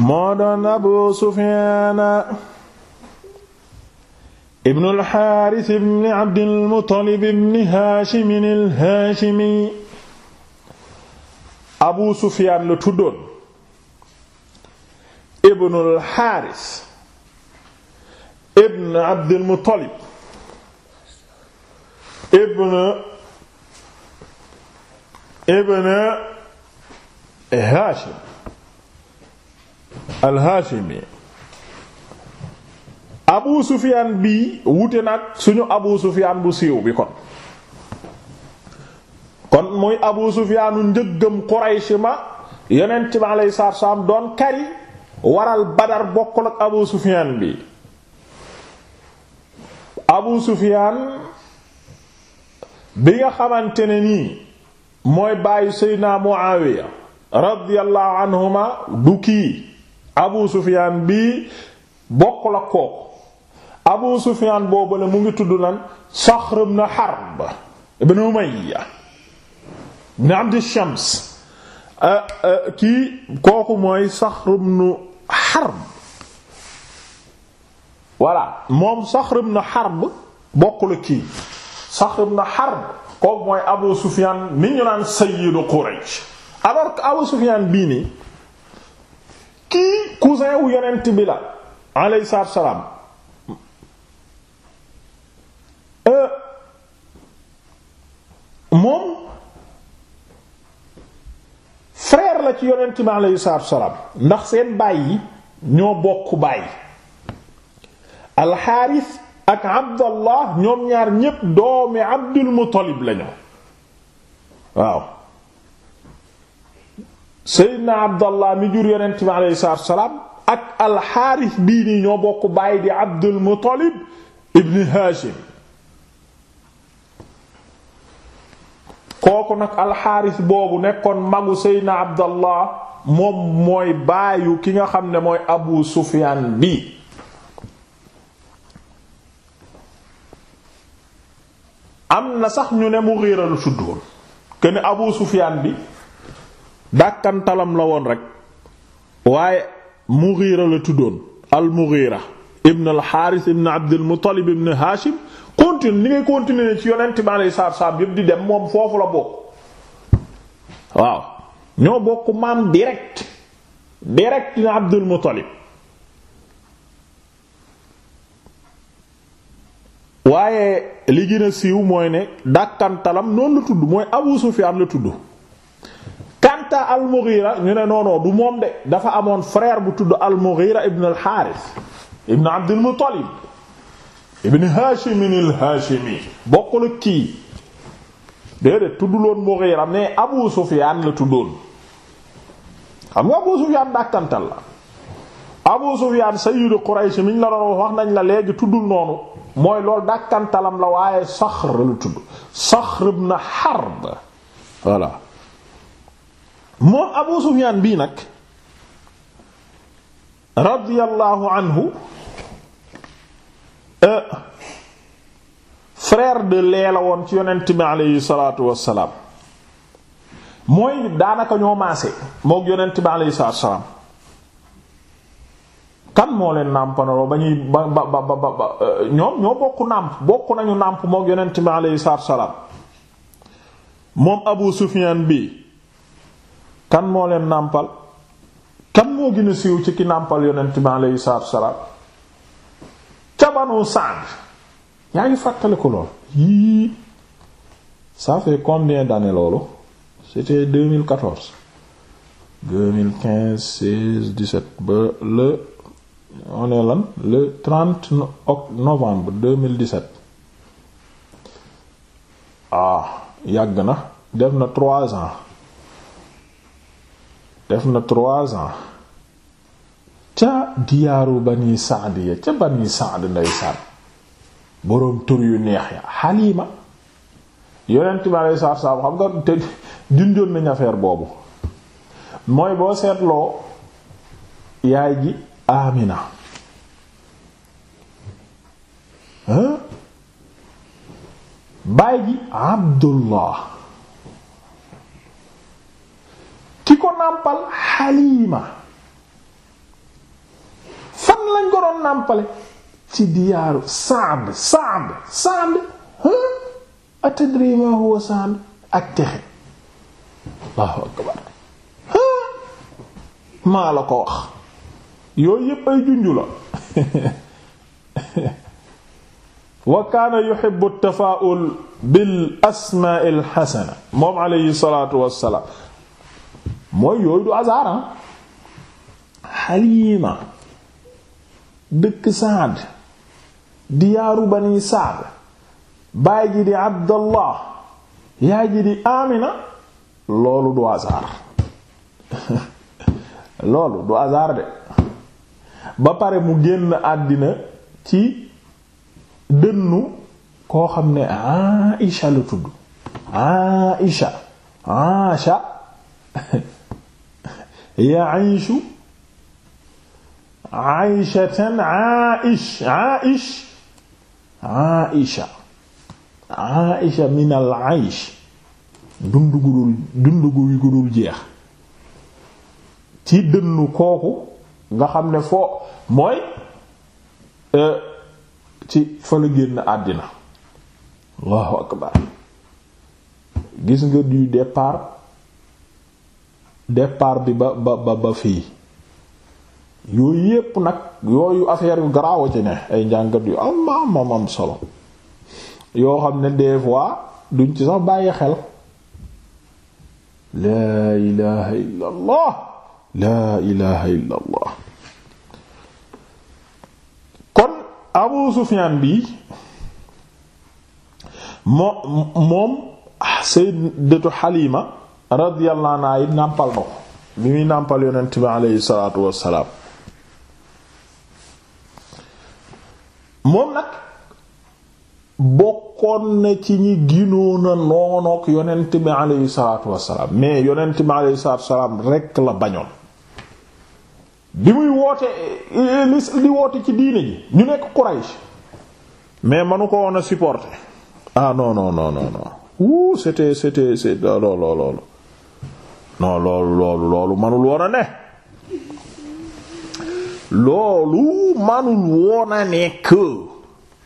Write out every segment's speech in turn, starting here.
moo doon abu sufiana ibnu alxaaris ibni abdilmutalib ibni haashimin alhaashimi abu sufian la tuddoon ibnu alxaaris ibn abdilmutalib ibn ibn haashim al-Hashimi Abu Sufyan bii wute nag suñu Abu Sufyan bu siiw bi kon kon muy Abu Sufyaanu njëggam Quraysh ma yonent bi alayhi salaatu wassalaam doon kari waral Badar bokkul ak Abu Sufyan bi Abu Sufyan bi nga xamante ne nii mooy bàyyi Seydina Muawiya radiyallahu anhuma du kii abu sufiyaan bii bokkul ak kooku abu sufiyaan boobu la mu ngi tudd lan saxr ibn harb ibn umayya ibn abd shams euh, euh, kii kooku mooy saxr ibn harb voilà moom saxr ibn harb bokkul ak kii saxr ibn harb kooku mooy abu sufiyaan ni ñu naan sayyidu quraysh alors que abu sufiyaan bii nii kii cousin wu yonent bi la alayhi salaam euh, moom frère la ci yonent bi alayhi salaam ndax seen baay ñoo bokk baay alxaaris ak abdallah ñoom ñaar ñépp doomi abdul muttalib lañu waaw seydna abdallah mi jur yonent bi aleyhi salaatu wasalaam ak alxaaris bii nii ñoo bokk bàyyi di abdul muttalib ibn haashim kooku nag alxaaris boobu nekkoon magu seydna abdallah moom mooy baayu ki nga xam ne mooy abu sufyaan bi am na sax ñu ne mu lu tuddoon kene abu sufyaan bi dàkkantalam la woon rek waaye Mughira la tuddoon al Mughira ibn al Haaris ibn Abdul Muttalib ibn Haashim continue li ngay continuer ci yonent bi aleyhi salaatu salaam yépp di dem moom foofu la bokk waaw ñoo bokk maam direct direct na Abdul Muttalib waaye li gën a siiw mooy ne dàkkantalam noonu la tudd mooy Abu Sufyaan la tudd Kanta al-Mughira ñu ne non non du moom de dafa amoon frère bu tudd al-Mughira ibn al-Harith ibn Abd al-Muttalib ibn Hashim al-Hashimi bokkul ak kii tudd tudduloon Mughira mais Abu Sufyan la tuddoon xam nga Abu Sufyan dàkkantal la Abu Sufyan sayyidu Quraysh miñ la doon wax nañ la léegi tuddul noonu mooy loolu dàkkantalam la waaye Saxr la tudd Saxr ibn Harb voilà moom Abu Sufyaan bii nag radiyallahu anhu euh, frère de lait la woon ci yonent bi aleyhi salaatu wassalaam mooy daanaka ñoo maase mook yonent bi aleyhi salaatu wassalaam kan moo leen nàmpanaloo ba ñuy ba ba ba ba euh, ñoom ñoo bokk nàmp bokk nañu nàmp mook yonent bi aleyhi salaatu wassalaam moom Abu Sufyaan bi kan moo leen nàmpal kan moo gën a siiw ci ki nàmpal yonent bi aleyhi salaatu wasalaam ca Banu Sa'd yaa ngi fàttale ko lool yii ça fait combien d'années loolu c'était 2014 2015 16 17 ba le on est lan le 30 novembre 2017 ah yàgg na def na trois ans def na trois ans ca diyaaru bani Saad ya ca bani Saad ndeysaan boroom tur yu neex ya Halima yonent bi nga te affaire boobu mooy boo seetloo yaay ji Amina baay Abdullah ki ko nàmpal xaliima fan lañ ko doon nàmpale ci diyaaru Saad Saad Saad atadri ma huwa Saad ak texe maa la ko wax yooyu yépp ay junju wa kaana yuhibbu at-tafaa'ul bil asmaa'il moom alayhi salaatu wassalaam mooy yooyu du hasard xaliima dëkk saad diyaaru bani saad baay di abdallah yaay ji di amina loolu du hasard loolu du hasard de ba pare mu génn àddina ci dënnu koo xam ne aisha la tudd aisha aisha yaishu aishatan aish aish aisha aisha min al aish dund gu dul dund gu dul jeex ci dënnu kooku nga xam ne foo mooy euh, ci fa la génn àddina allahu akbar gis nga du départ départ bi ba ba ba fii yooyu yépp nag yooyu affaire yu garaaw ci ne ay njàngat yu am am am solo yoo xam ne des fois duñ ci sax bàyyi xel laa ilaha illa kon abu sufyan bi moo moom sayyidatu xalima radiyallahu anha it nàmpal na ko bi muy nàmpal yonent bi aleyhi salaatu wassalaam moom nag bokkoon na ci ñi ginoona noonook yonent bi aleyhi salaatu wassalaam mais yonent bi aleyhi salaatu wassalaam rekk la bañoon bi muy woote li woote ci diine ji ñu nekk Quraysh mais manu ko woon a supporter ah non non non non non wuu c'était c'était c'est loolu ah, non loolu loolu loolu manul woon a ne loolu manul woon a nekk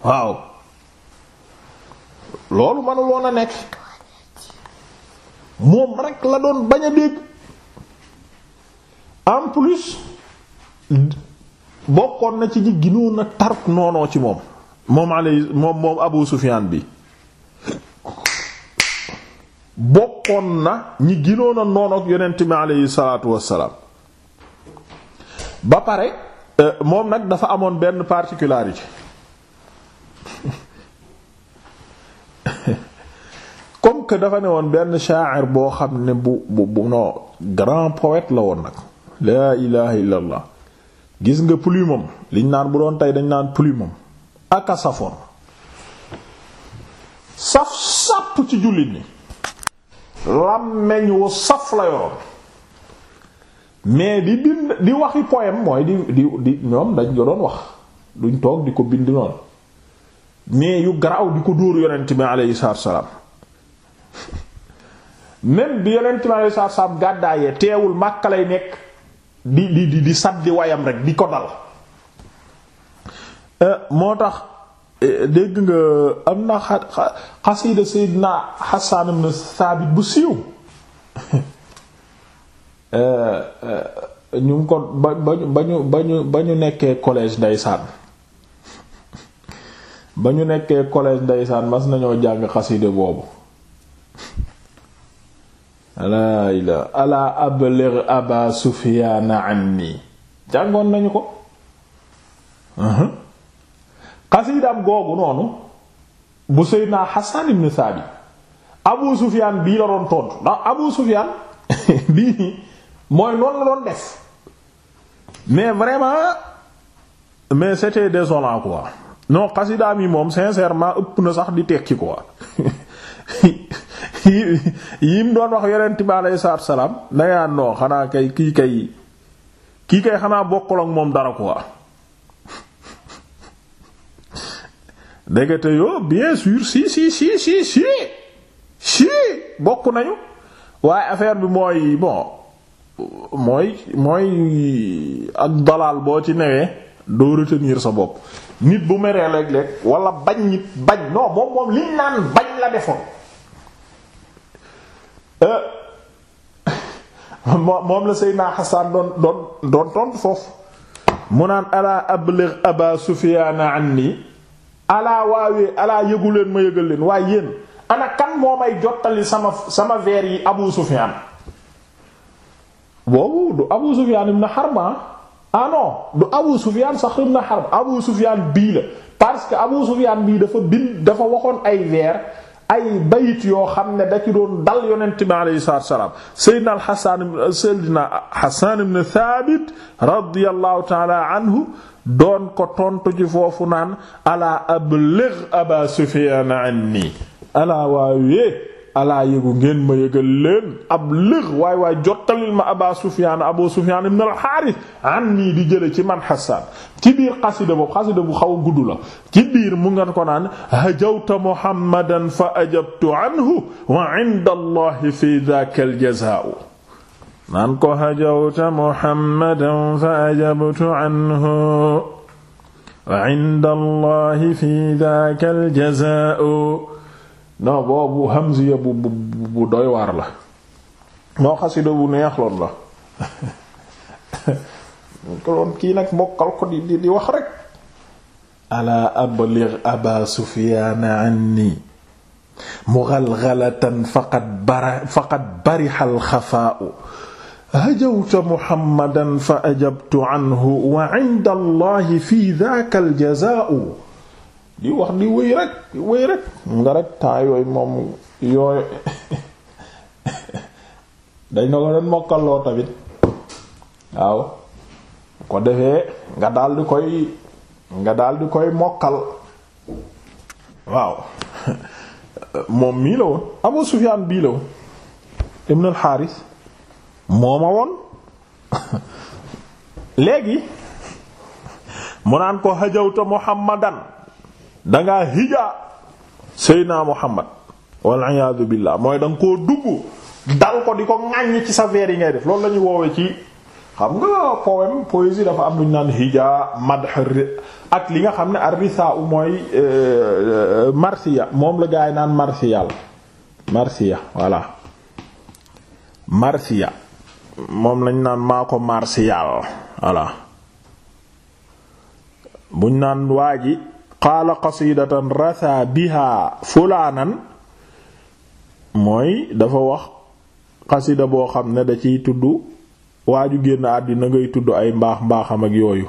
waaw loolu manul woon a nekk moom rek la doon bañ a dégg en plus bokkoon na ci ñi ginoon a tark noonoo ci moom moom alay moom moom Abu Sufyaan bi bokkoon na ñi ginoon a noon ak yonent bi aleyhi salaatu wassalaam ba pare euh, moom nag dafa amoon benn particularité comme que dafa ne woon benn sha'ir boo xam ne bu bu bu non grand poète la woon nag laa ilaha illa gis nga plumam liñ naan bu doon tey dañ naan plumam aka safoon saf sàpp ci jullit ni làmmeñ wu saf la yoroon mais di bind di waxi poème mooy di di ñoom dañ ko doon wax duñ toog di ko bind noonu mais yu garaaw di ko dóor yonent bi aleyhi salaatu salaam même bi yonent bi aleyhi salaatu salaam gàddaayee teewul Makka lay nekk di di di di sàddi wayam rek di ko dal euh, moo tax dégg nga am na xasiida Seydina Hassan ibn Thabit bu siiw euh, euh, ñu ngi ko ba ba ñu ba ñu ba ñu nekkee collège ndeysaan ba ñu nekkee collège ndeysaan mas nañoo jàng xasiida boobu alaa ilaa alaa ablir anni jàngoon nañu ko uh-huh. xasiidaam googu noonu bu Seydina Hassan ibn Sabi Abu Sufyan bii la doon tontu ndax Abu Sufyan bii nii mooy loolu la doon def mais vraiment mais c'était désolant quoi non xasiidaam yi moom sincèrement ëpp na sax di tekki quoi yim doon wax yonent bi aleyhi salaam da ngaa noo xanaa kay kii kay kii kay xanaa bokkul ak moom dara quoi. dégate yoo bien sûr si si si si si si bokk nañu waaye affaire bi mooy bon mooy boo ci newee doo sa bopp bu meree léeg moom moom liñ naan bañ la defoon euh, moom la Seydina Hassan doon doon tontu foofu mu naan ala abligh aba Sufyaan anni alaa waawee alaa yëgu leen ma yëgal leen waaye yéen ana kan moo jottali sama sama veer yi Abu Sufyan boobu du Abu Sufyan ibn Harb ah, ah non du Abu Sufyan Saxr ibn Harb Abu Sufyan bii la parce que Abu Sufyan bii dafa bind dafa waxoon ay veer ay bayit yoo xam ne da ci doon dal yonent bi alayhi salaatu wa salaam Seydina al Hasan Seydina Hasan ibn Thabit radiyallahu ta'ala anhu doon ko tontu ci foofu naan ala abligh Aba Sufyan anni ala waaye alaa yëgu ngeen ma yëgal leen ab léex waay waay jottalil ma aba sufyaan abu sufyaan ibn al xaaris an nii di jële ci man xasaan ci biir xasida boobu xasida bu xaw a gudd la ci biir mu ngeen ko naan hajawta muhammadan fa ajabtu anhu wa inda allahi fi daaka al jazaa'u naan ko hajawta muhammadan fa ajabtu anhu wa inda allahi fi daaka al jazaa'u non boobu hamziya bu bu bu doy waar la moo xasida bu neex lool la kon kii nag mokkal ko di di wax rek alaa abligh aba sufyaana anni mughalghalatan faqad bara faqad bariha alxafaa'u hajawta muhammadan fa ajabtu anhu wa inda allahi fi dhaaka aljazaa'u di wax di wëy rek di wëy rek nga rek temps yooyu moom yooyu dañ na ko doon mokkaloo tamit waaw ko defee nga daal di koy nga daal di koy mokkal waaw moom mii la woon Abu Sufyaan bii la woon ibn al-Haaris mooma woon léegi mu naan ko hajawta Muhammadan dangaa hijaa seydna muhammad wal iyaadu billah mooy danga koo dugg dal ko di ko ŋàññ ci sa vers yi ngay def loolu lañuy woowee ci xam nga poème poésie dafa am lu ñu naan hija madh ak li nga xam ne ar-risaa mooy euh, euh, marsiya moom la naan marsiyal marsiya voilà marsiya moom lañ naan maa naan waa qaala qasidatan ratha biha fulaanan mooy dafa wax xasida boo xam ne da ciy tudd waaju génn àddina ngay tudd ay mbaax mbaaxam ak yooyu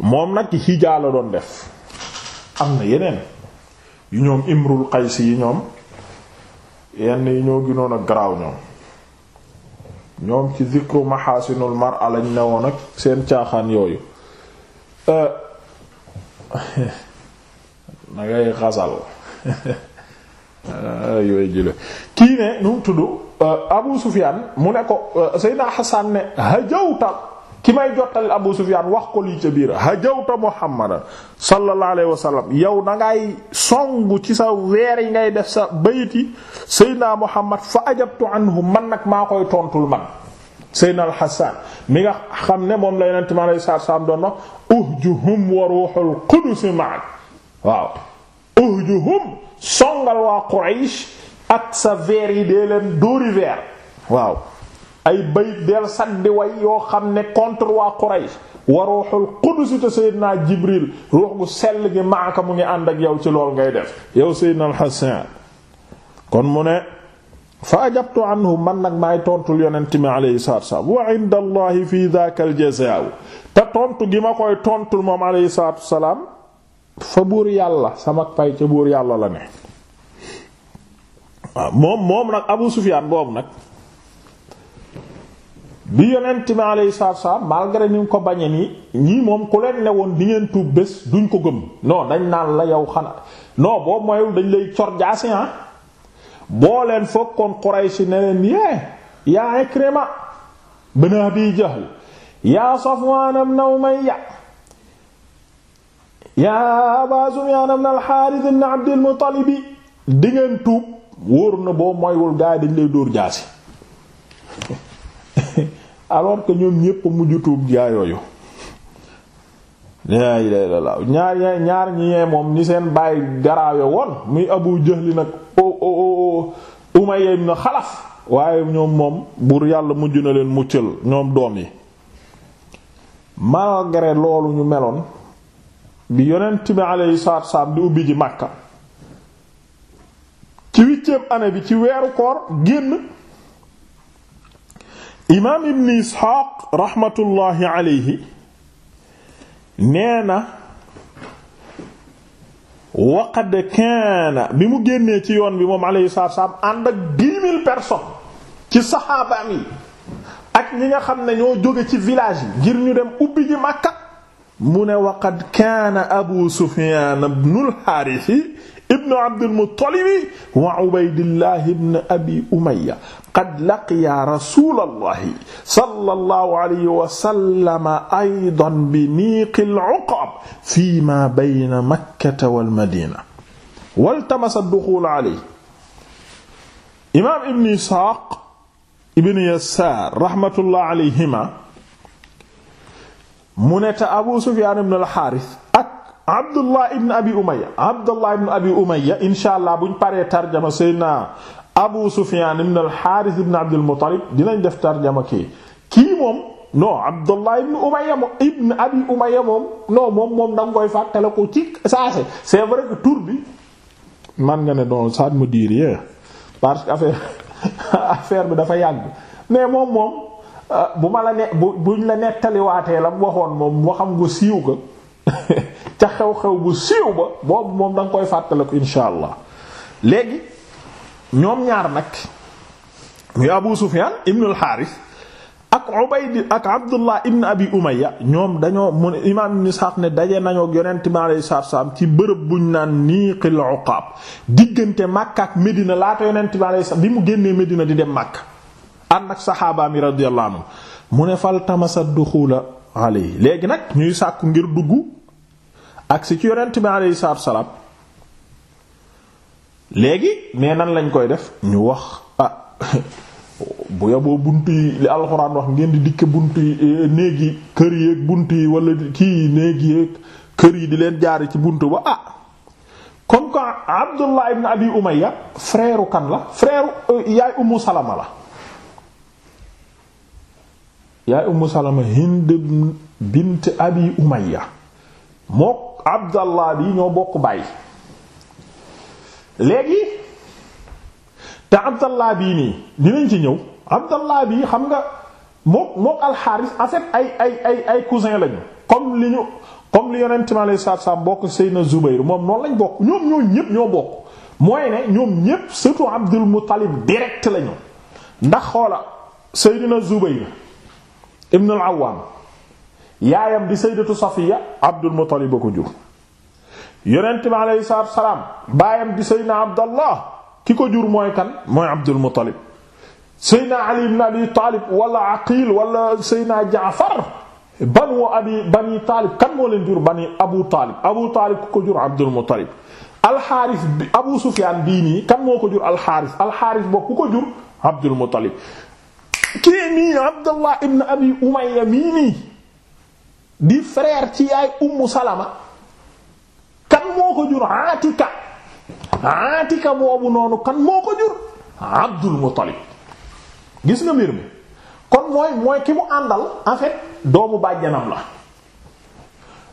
moom nag hijaa la doon def am na yeneen yu ñoom imrul qays yi ñoom yenn yi ñoo ginoon ak garaaw ñoom ñoom ci zikru mahasinul mar'a lañ newoon ak seen caaxaan yooyu euh, dangay xasal yooyu jële kii ne nu mu tudd euh, Abu Sufyaan mu ne ko euh, Seydina Hassan ne hajawta ki may jottali Abu Sufyaan wax ko li ca biir hajawta Muhammadan sallallahu alayhi wa sallam yow dangay ngay ci sa weer yi ngay def sa bayit yi Seydina Muhammad fa ajabtu anhu man nag maa koy tontul man Seydina Al-Hassan mi nga xam ne moom la Yonent mi alayhi salaatu salaam doon wax uhjuhum wa ruuhul qudus ma'ak waaw uhjuhum songal waa Quraysh ak sa veer yi dee leen dóori veer waaw ay bayit del saddi way yoo xam ne contre waa Quraysh wa ruuxul qudus te Seydina Jibril ruux gu sell gi maaka mu ngi ànd ak yow ci lool ngay def yow Seydina al kon mu ne fa ajabtu anhu man nag maay tontul yonent mi alayhi salaatu wasalaam wa inda allahi fi daaka aljazaa'u te tontu gi ma koy tontul moom alayhi salaatu wasalaam fa buur yàlla sama pay ca buur yàlla la ne waaw moom moom nag abu sufiyaan boobu nag bi yonent mi alayhi salaatu wasalaam malgré ni nga ko bañe nii ñii moom ku leen ne woon di ngeen tuub bés duñ ko gëm non dañ naan la yow xanaa non boobu mooyul dañ lay cor jaasi ah boo leen fokkoon Quraysh ne leen yee yaa Ikrima ibn Abi Jahl yaa Safwaan ibn Umayya yaa Abaa Sufyaan ibn al-Haaris ibn Abdil Muttalib di ngeen tuub wóor na boo moywul gaay dañ lay dóor jaasi alors que ñoom ñépp mujj tuub jaayooyu laa ilaaha ñaar ñee ñi moom ni seen baay garaawe woon muy Abu Jahl nag Umayya ibn Xalaf waaye ñoom moom buur yàlla mujj na leen mu muccal ñoom doom yi malgré loolu ñu meloon bi yonent bi alayhi salaatu salaam di ubbi ji Makka ci huitième année bi ci weeru koor génn imaam ibn Isxaaq raxmatullaahi alayhi nee na waqad kaana bi mu génnee ci yoon bi moom alayhi salaatu salaam ànd ak dix mille personnes ci saxaabaam yi ak ñi nga xam ne ñoo jóge ci village yi ngir ñu dem ubbi ji Makka mu ne waqad kaana Abu Sufyaan ibnu al-Haaris ibnu Abdul Muttalibi wa Ubaydillahi ibnu Abi Umayya qad laqiya rasulallahi sallallahu alayhi wa sallam aydan bi niqil uqab fi ma bayna makkata wal madina waltamasa duxuul alayhi imaam ibn Isxaaq ibn Yasaar rahmatullah alayhima mu ne te Abu Sufyaan ibn al-Haaris ak Abdullah ibn Abi Umayya Abdullah ibn Abi Umayya inshaa Allah buñ paree tarjama Seydina Abu Sufyan ibn al-Harith ibn Abd al-Muttalib dinañ def tarjama kii kii moom non Abdullah ibn Umayya moom ibn Abi Umayya moom non moom moom danga koy fàttale ko ci saase c'est vrai que tur bi man nga ne don ça mu dit rien parce que affaire affaire bi dafa yàgg mais moom moom euh, bu ma la ne bu buñ la nettaliwaatee la mu waxoon moom waxam gu siiw ko ca xew-xew bu siiw ba boobu moom danga koy fàttale ko insha allah léegi ñoom ñaar nag mu Abu Sufyan ibn al-Harith ak Ubayd Abdullah ibn Abi Umayya ñoom dañoo mu ne imaam Ishaq ne daje nañoo ak yonent mi alayhi salaam ci bërëb buñ naan Niqil Uqab diggante Makka ak Medina laata yonent mi alayhi salaam bi mu génnee Medina di dem Makka ànd ak saxaaba mi radiyallahu anhu mu ne fal tamasa duxula alayhi léegi nag ñuy sàkku ngir dugg ak si ci yonent mi alayhi salaam léegi mais nan lañ koy def ñu wax ah bu yaboo bunt yi li alxuraan wax ngeen di dikke bunt yi eh, néeg yi kër yi ak bunt yi wala kii néeg yi kër yi di leen jaari ci bunt ba ah comme que Abdullah ibn Abi Umayya frère kan la frère euh, yaay Ummu Salama la yaay Ummu Salama Hind bint Abi Umayya mook Abdallah bi ñoo bokk bàyyi léegi te abdallah bii nii dinañ ci ñëw abdallah bii xam nga mook mook alxaaris en fait ay ay ay ay cousin lañu comme li ñu comme lu yonent mi saa salaatu salaam bokk Seydina Zubayr moom noonu lañ bokk ñoom ñoo ñépp ñoo bokk mooy ne ñoom ñépp surtout Abdul Muttalib direct lañu ndax xoola Seydina Zubayr ibn al-Awwam yaayam di Sayyidatu Safiya Abdul Muttalib a ko jur yonent bi aleyhi salaatu wa salaam baayam di Seydina Abdallah ki ko jur mooy kan mooy Abdul Muttalib Seydina Ali ibn Abi Taalib wala Aqil wala Seydina Jaafar banu abi bani Taalib kan moo leen jur bani Abu Taalib Abu Taalib ku ko jur Abdul Muttalib alxaaris bi Abu Sufyaan bii nii kan moo ko jur alxaaris alxaaris boobu ku ko jur Abdul Muttalib kii nii Abdallah ibn Abi Umayya mii nii di frère ci yaay Ummu Salama. moo ko jur Atika Atika boobu noonu kan moo ko jur Abdul Muttalib gis nga mbir mi kon mooy mooy ki mu àndal afet doomu bàjjanam la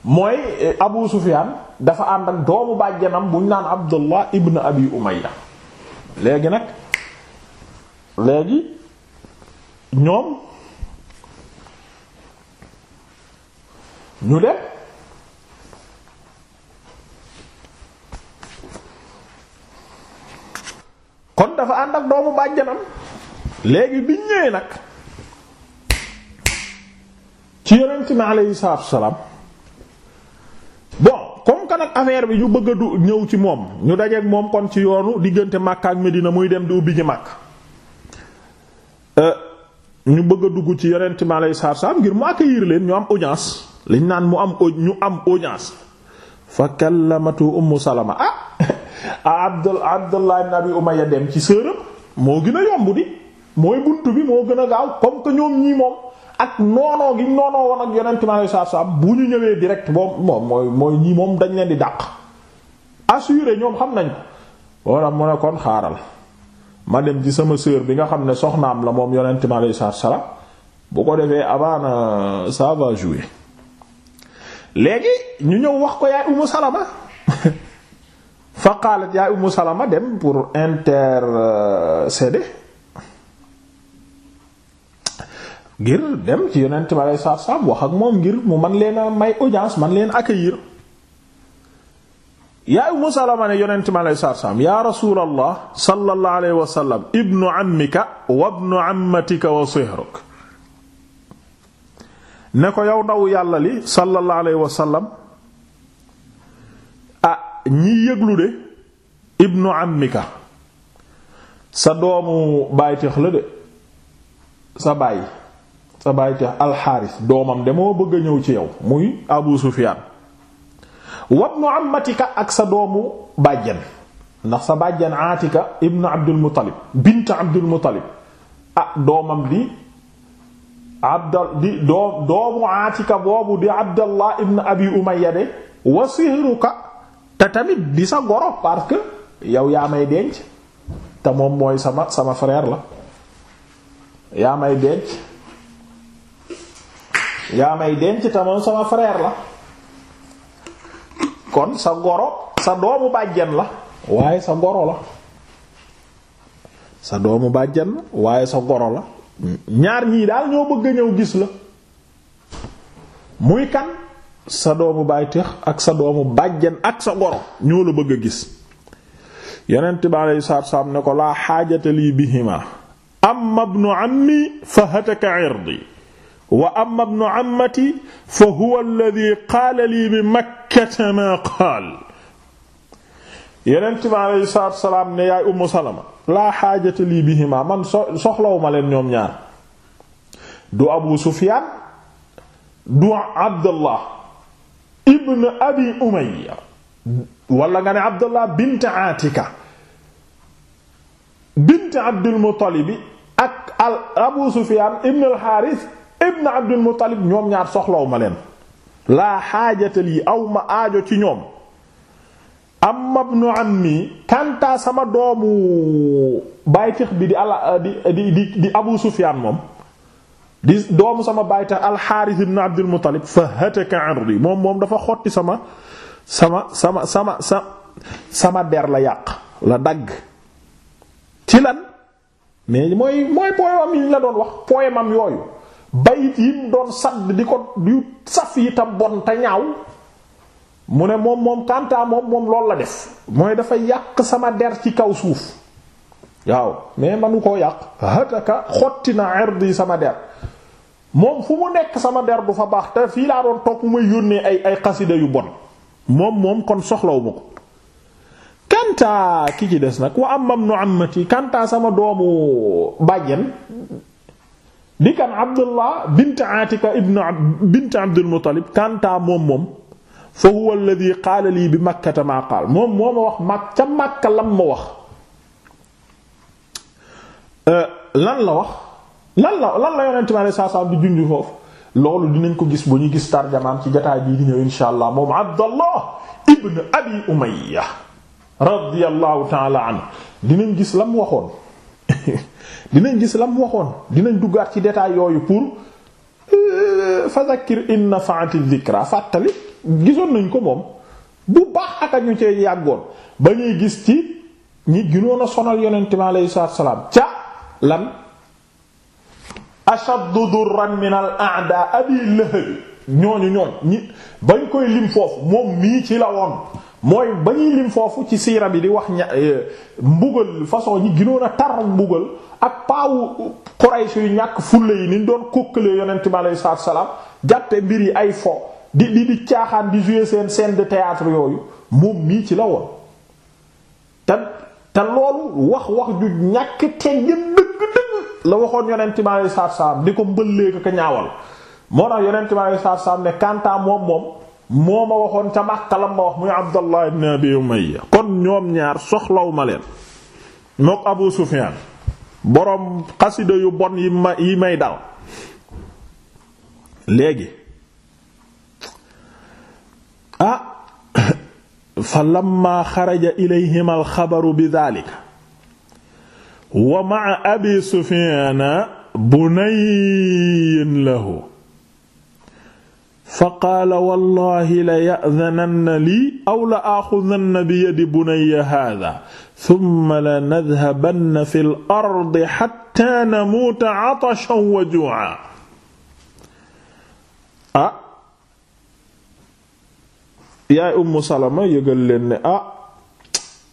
mooy eh, Abu Sufyaan dafa ànd ak doomu bàjjanam bu ñu naan Abdullah ibn Abi Umayya léegi nag léegi ñoom ñu dem kon dafa ànd ak doomu bàjjanam léegi bi ñëwee nag ci yonent mi alayhi salaatu bon comme que nag bi ñu bëgg a du ñëw ci moom ñu dajeeg moom kon ci yoonu diggante Makka ak Medina muy dem di ubbi ji Makka euh, ñu bëgg a dugg ci yonent mi alayhi salaatu salaam ngir mu accueillir leen ñu am audience liñ naan mu am ñu am audience fa kallamatu Ummu Salama ah, Abdul Abdullah ibn Abi Umayya dem ci sërëm moo gën a yomb di mooy buntu bi moo gën a gaaw comme que ñoom ñii moom ak noonoo gi noonoo woon ak yonent mi saa saa bu ñu ñëwee direct boobu moom mooy mooy ñii moom dañ leen di dàq. assuré ñoom xam nañ ko war a kon xaaral ma dem ci sama sœur bi nga xam ne am la moom yonent mi saa saa bu ko defee avant euh, ça va jouer léegi ñu ñëw wax ko yaay Umu Salama. fa qaalat yaa Ummu Salama dem pour intercéder ngir dem ci yonent ma lay wax ak moom ngir mu man leen a may audience man leen accueillir yaa Ummu Salama ne yonent ma lay saab yaa Rasuulallah sallallahu alayhi wa sallam ibnu ammika wa ibnu ammatika wa sihruk ne ko yow ndaw yàlla li sallallahu alayhi wa ñi yëglu de ibnu ammika sa doomu bàytix la de sa baay sa bàytix alxaaris doomam de moo bëgg a ñëw ci yow muy abu sufiyaan wabnu ammatika ak sa doomu bàjjan ndax sa bàjjan aatika ibnu abdul muttalib bint abdul muttalib ah doomam di abdal di doomu aatika boobu di abdallah ibnu abi umaya wa sihruka te tamit di sa goro parce que yow yaa may denc te moom mooy sama sama frère la yaa may denc yaa may denc te sama frère la kon sa goro sa doomu bàjjen la waaye sa goro la sa doomu bàjjen waaye sa goro la ñaar ñii daal ñoo bëgg a ñëw gis la muy kan sa doomu baay ak sa doomu bàjjan ak sa goro ñoo la bëgg a gis yonent bi aleyhi salaatu salaam ne ko laa xaajata lii bihima amma ibnu ammi fa hataka irdi wa amma ibnu ammati fa huwa alladhi qaala lii bi makkata maa qaal yonent bi aleyhi salaatu salaam ne yaay ummu salama laa xaajata lii bihima man soxlawuma leen ñoom ñaar du abu sufyaan du abdullah ibn abi umayya wala nga ne abdullah bint atika bint abdul muttalibi ak al abu sufiyaan ibn al ibn abdul ñoom ñaar soxlaw ma leen laa xaajata lii aw ma aajo ci ñoom amma ibnu ammi kantaa sama doomu baay tix bi di ala di di di abu sufiyaan moom di doomu sama bayta alxaaris ibn abdul muttalib fa hataka ardi moom moom dafa xotti sama sama sama sama sa sama der la yàq la dagg ci lan mais mooy mooy poemam yi ñu la doon wax poemam yooyu bayit yi mu doon sadd di ko yu saf yi ta bon te ñaaw mu ne moom moom kantaa moom moom loolu la def mooy dafa yàq sama der ci kaw suuf waaw mais manu koo yàq hataka xotti na di sama der moom fu mu nekk sama der du fa baax te fii laa doon toog mu may yónnee ay ay xasida yu bon moom moom kon soxlawu ma ko kantaa ki ci des nag wa amam nu amati kantaa sama doomu bàjjen di kan abdullah bint atika ibn bint abdul muttalib kantaa moom moom fa huwa alladhi qaala lii bi makkata maa qaal moom moo ma wax mag ca makka lam ma wax euh, lan la wax lan la lan la yonent bi alayhi salaam di junj foofu loolu dinañ ko gis bu ñu gis tarjamaam ci jotaay bii di ñëw insha allah moom Abdallah ibn Abi Umayya radiyallahu ta'ala anhu dinañ gis lam waxoon dinañ gis lam waxoon dinañ duggaat ci détail yooyu pour euh, fa zakkir in nafa'ati dhikra fàttali gisoon nañ ko moom bu baax ak ñu cee yàggoon ba ñuy gis ci ñi gënoon a sonal yonent bi alayhi salaam ca lan. ashaddu durran min al a'da abi lahab ñooñu ñooñ ñi bañ koy lim foofu moom mii ci la woon mooy ba ñuy lim foofu ci siira bi di wax ña eh, mbugal façon ñi ginoon a tar mbugal ak paawu Quraysh yu ñàkk fulla yi ni doon kokkalee yonent bi aleyhi salaatu salaam jàppe mbir yi ay fo di di di caaxaan di jouer seen scène de théâtre yooyu moom mii ci la woon te te loolu wax wax ju ñàkk teggin dëgg dëgg la waxoon yonent mi alayhi salaatu salaam di ko mbëllee ko ka ñaawal moo tax yonent mi alayhi ne Kantaa moom moom moo ma waxoon ca Makka ma wax muy Abdallah ibn Abi Umayya kon ñoom ñaar soxlaw ma leen mook Abu Sufyaan boroom xasida yu bon yi yi may dal léegi ah fa lamma xaraja ilayhim alxabaru bi daalika wa ma'a abi sufyaana bunayyin lahu fa qaala wallahi la ya'dananna lii aw la aaxudanna bi yadi bunayya haadaa summa la nadhabanna fil ardi hattaa namuuta 'atashan wa juu'an ah yaay Ummu Salama yëgal leen ne ah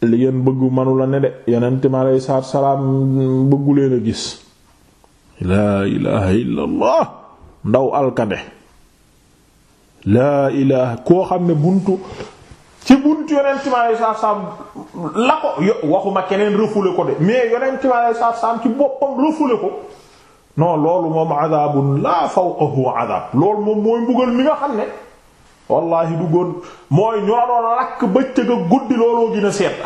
li ngeen bëggu manu la ne de yonent mi aleyhi salaatu salaam bëggu leen a gis laa ilaha illa allah ndaw alkade laa ilaha koo xam ne buntu ci buntu yonent mi aleyhi salaatu salaam la ko waxuma keneen refoulé ko de mais yonent mi aleyhi salaatu salaam ci boppam refoulé ko non loolu moom adaabun laa fawqahu adaab loolu moom mooy mbugal mi nga xam ne wallahi du góon mooy ñoo doon lakk bëccëg ak guddi looloo gën a sedd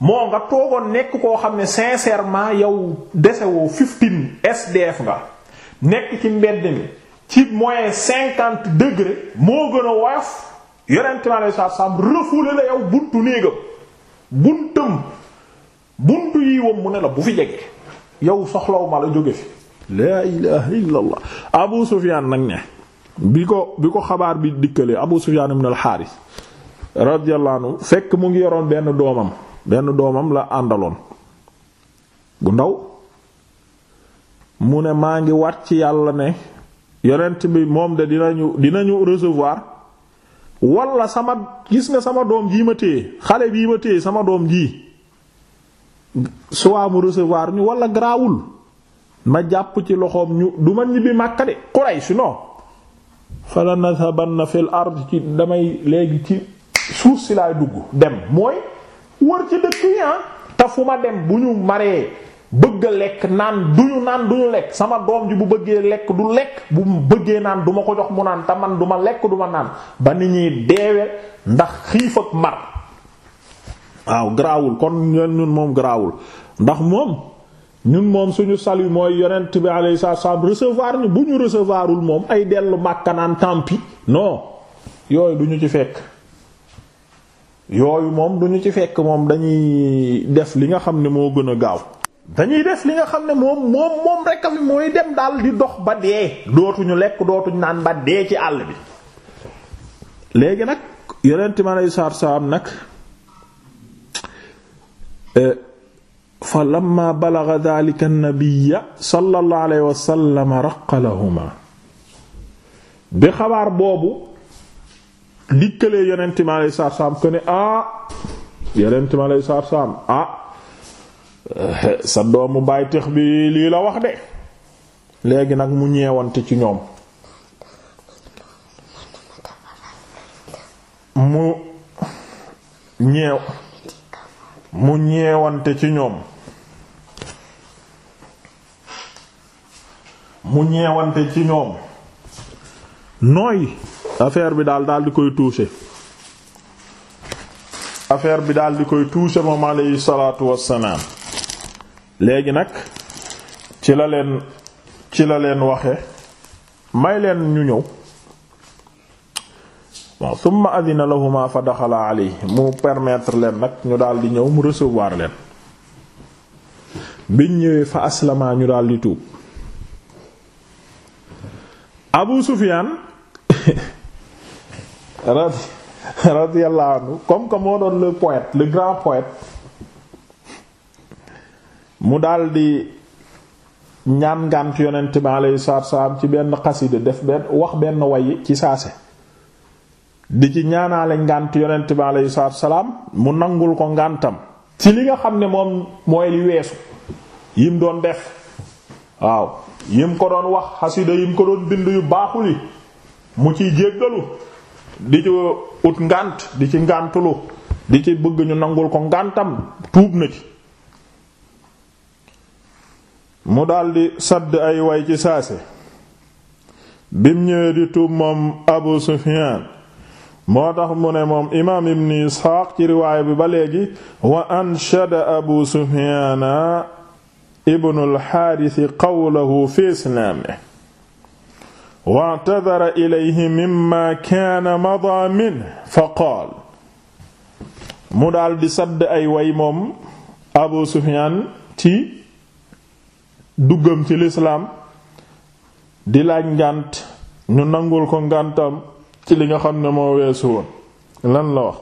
moo nga toogoon nekk koo xam ne sincèrement yow dese woo 15 SDF nga nekk ci mbedd mi ci moyen cinquante degré moo gën a woyof yonent mi alei satu salaam refoulé la yow buntu néegam buntam buntu yi wam mu ne la bu fi jege yow soxlaw ma la jóge fi laa ilaha illa Abu Sufyan nag ne bi ko bi ko xabaar bi dikkalee Abu Sufyaan ibn al-Haaris radiyallahu fekk mu ngi yoroon benn doomam benn doomam la àndaloon bu ndaw mu ne maa ngi wat ci yàlla ne yonent bi moom de dina dinañu recevoir walla sama gis nga sama doom jii ma téye xale bii ma téye sama doom jii soit mu recevoir ñu walla garaawul ma jàpp ci loxoom ñu du ma ñibbi Makka de Quraysh non fala nathabanna fil ard ci damay léegi ci suuf si laay dugg dem mooy wër ci dëkk yi ah te fu ma dem bu ñu maree bëgg a lekk naan duñu naan duñu lekk sama doom ji bu bëggee lekk du lekk bu bëggee naan du ma ko jox mu naan te man duma lekk du ma naan ba nit ñi deewe ndax xiif ak mar waaw garaawul kon ñun moom garaawul ndax moom ñun moom suñu salu mooy yonent bi alayhi salaam resevoir ñu bu ñu resevoirul moom ay dellu Makka naan tampi yooyu duñu ci fekk yooyu moom duñu ci fekk moom dañuy def li nga xam ne moo gën a gaaw dañuy def li nga xam ne moom moom moom rekk a fi mooy dem daal di dox ba dee dootuñu lekk dootuñu naan ba dee ci àll bi léegi nag yonent bi alayhi salaam nag euh, fa lamma balaga daalika nabiyya sallallahu alayhi wa sallam raqqa bi xabaar boobu dikkalee yonent mi alayhi salaatu salaam ko ne ah yonent mi alayhi salaatu salaam ah sa doomu bàyteex bi lii la wax de léegi nag mu ñeewante ci ñoom mu ñeew mu ñeewante ci ñoom mu ñeewante ci ñoom nooy affaire bi daal daal di koy touché affaire bi daal koy touché moom alayhi salaatu wassalaam léegi nag ci la leen ci la leen waxe may leen ñu ñëw waaw summa adina lahuma fa daxala alayhi mu permettre leen nag ñu daldi ñëw mu recevoir leen biñ ñëwee fa aslamaa ñu daal di tuub Abu Sufyan radiyallahu anhu comme que moo doon le poète le grand poète mu daldi ñaan ngànt yonent bi alayhi salaatu salaam ci benn xasida def benn wax benn way ci saase di ci ñaanaale ngànt yonent bi alayhi salaatu salaam mu nangul ko ngantam ci li nga xam ne moom mooy li weesu yim doon def waaw yim ko doon wax xasida yim ko doon bind yu baaxul yi mu ciy jéggalu di ci ut ngànt di ci ngàntulu di ci bëgg ñu nangul ko ngàntam tuub na ci mu daldi sadd ay way ci saase bim ñëwee di tuub moom Abu Sufyaan moo tax mu ne moom imaam ibn Isxaaq ci riwaaya bi ba léegi wa anshada Abu Sufyaana ibnu alxaarisi qawlahu fi islaamihi wa'tadara ilayhi mimma kaana madaa minhu fa qaal mu daal sadd ay way moom abu sufiyaan ci duggam ci lislaam di laaj ngànt ñu nangul ko ngantam ci li nga xam ne moo weesu woon lan la wax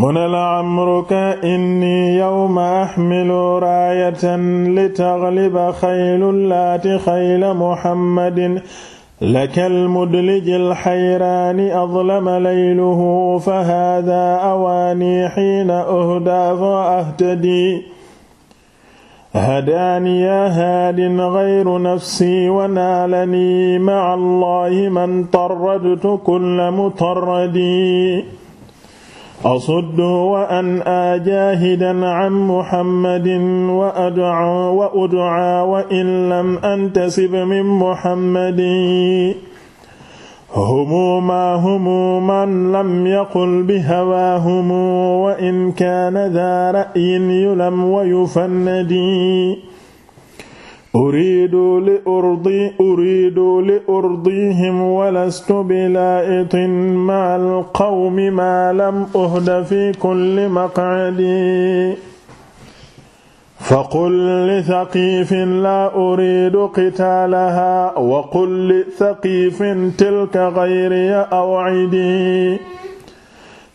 mu ne la amruka inni yawma axmilu raayatan li taxliba xaylun laati xayla muhammadin lakal mudlijil xayraani adlama layluhu fa haadaa awaani xiina uhdaa fa ahtadii hadaani yaa haadin gayru nafsi wa naalani maca allahi man taradtu kulla mutaradi asuddu wa an ajaahidan an muhammadin wa ad'u wa ud'a wa in lam antasib min muhammadin humuuma humuuman lam yaqul bihawaahumu wa in kaana dhaa ra'yin yulam wa yufannadi uridu li urdi uridu li urdihim walastu bilaa'itin ma'al qawmi ma lam uhda fi kulli maq'adi faqul li saqiifin laa uridu qitaalaha wa qul li saqiifin tilka ghayriya aw'idi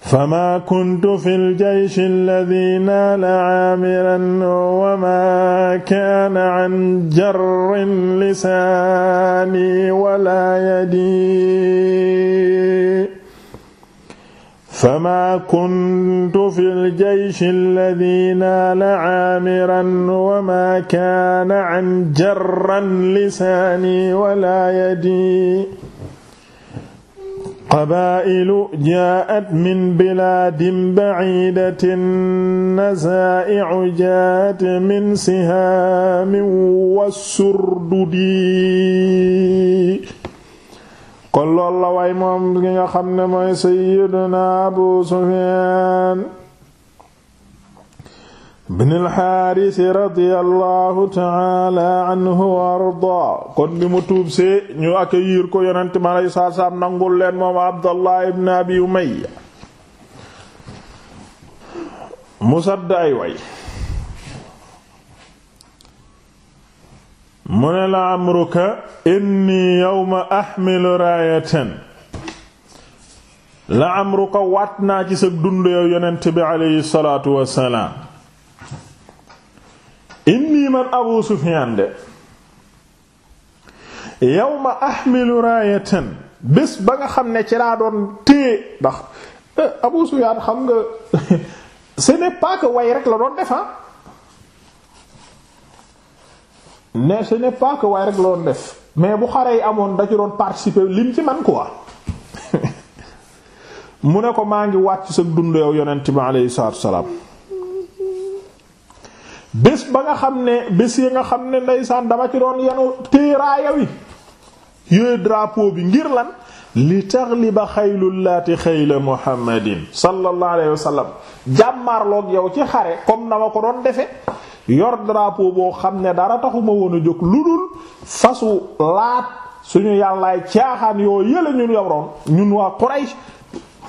فما كنت في الجيش الذي نال عامرا وما كان عن جر لساني ولا يدي فما كنت في الجيش الذي نال عامرا وما كان عن جر لساني ولا يدي qabaa'ilu jaa'at min bilaadin ba'iidatin nazaa'i'u jaa'at min sihaamin wasurdudi kon lool la way moom gi nga xam ne mooy sayyiduna Abu Sufyaan ibn alxaaris radiyallahu taala anhu wa arda kon bi mu tuub see ñu accueillir ko yonent mi aleyhi nangul leen moom abdallah ibn abi umayya musadd ay way mu ne la amruka inni yawma ahmilu raayatan la amruka waat naa ci sa dund yow yonent bi aleyhi salaatu wassalaam inni man abu sufiyaan de yawma ahmilu raayatan bés ba nga xam ne ci laa doon téye ndax eh, abu sufiyaan xam nga ce n'est pas rek la doon defa ah ne ce n'est pas rek la doon def mais bu xare yi amoon da ci doon participer lim ci man quoi mu ne ko maa ngi wàcc sa dund yow yonent bi aleyhi salaatu bés ba nga xam ne bés yi nga xam ne ndeysaan dama ci doon yenu téeraaya wi yooyu drapeau bi ngir lan li taxliba xaylullaati xayla muhammadin sallallahu alayhi wa sallam jàmmaarloog yow ci xare comme na ma ko doon defe yor drapeau boo xam ne dara taxuma woon a jóg lu dul fasu laat suñu yàllaay caaxaan yoo yële ñun yoroon ñun waa Quraysh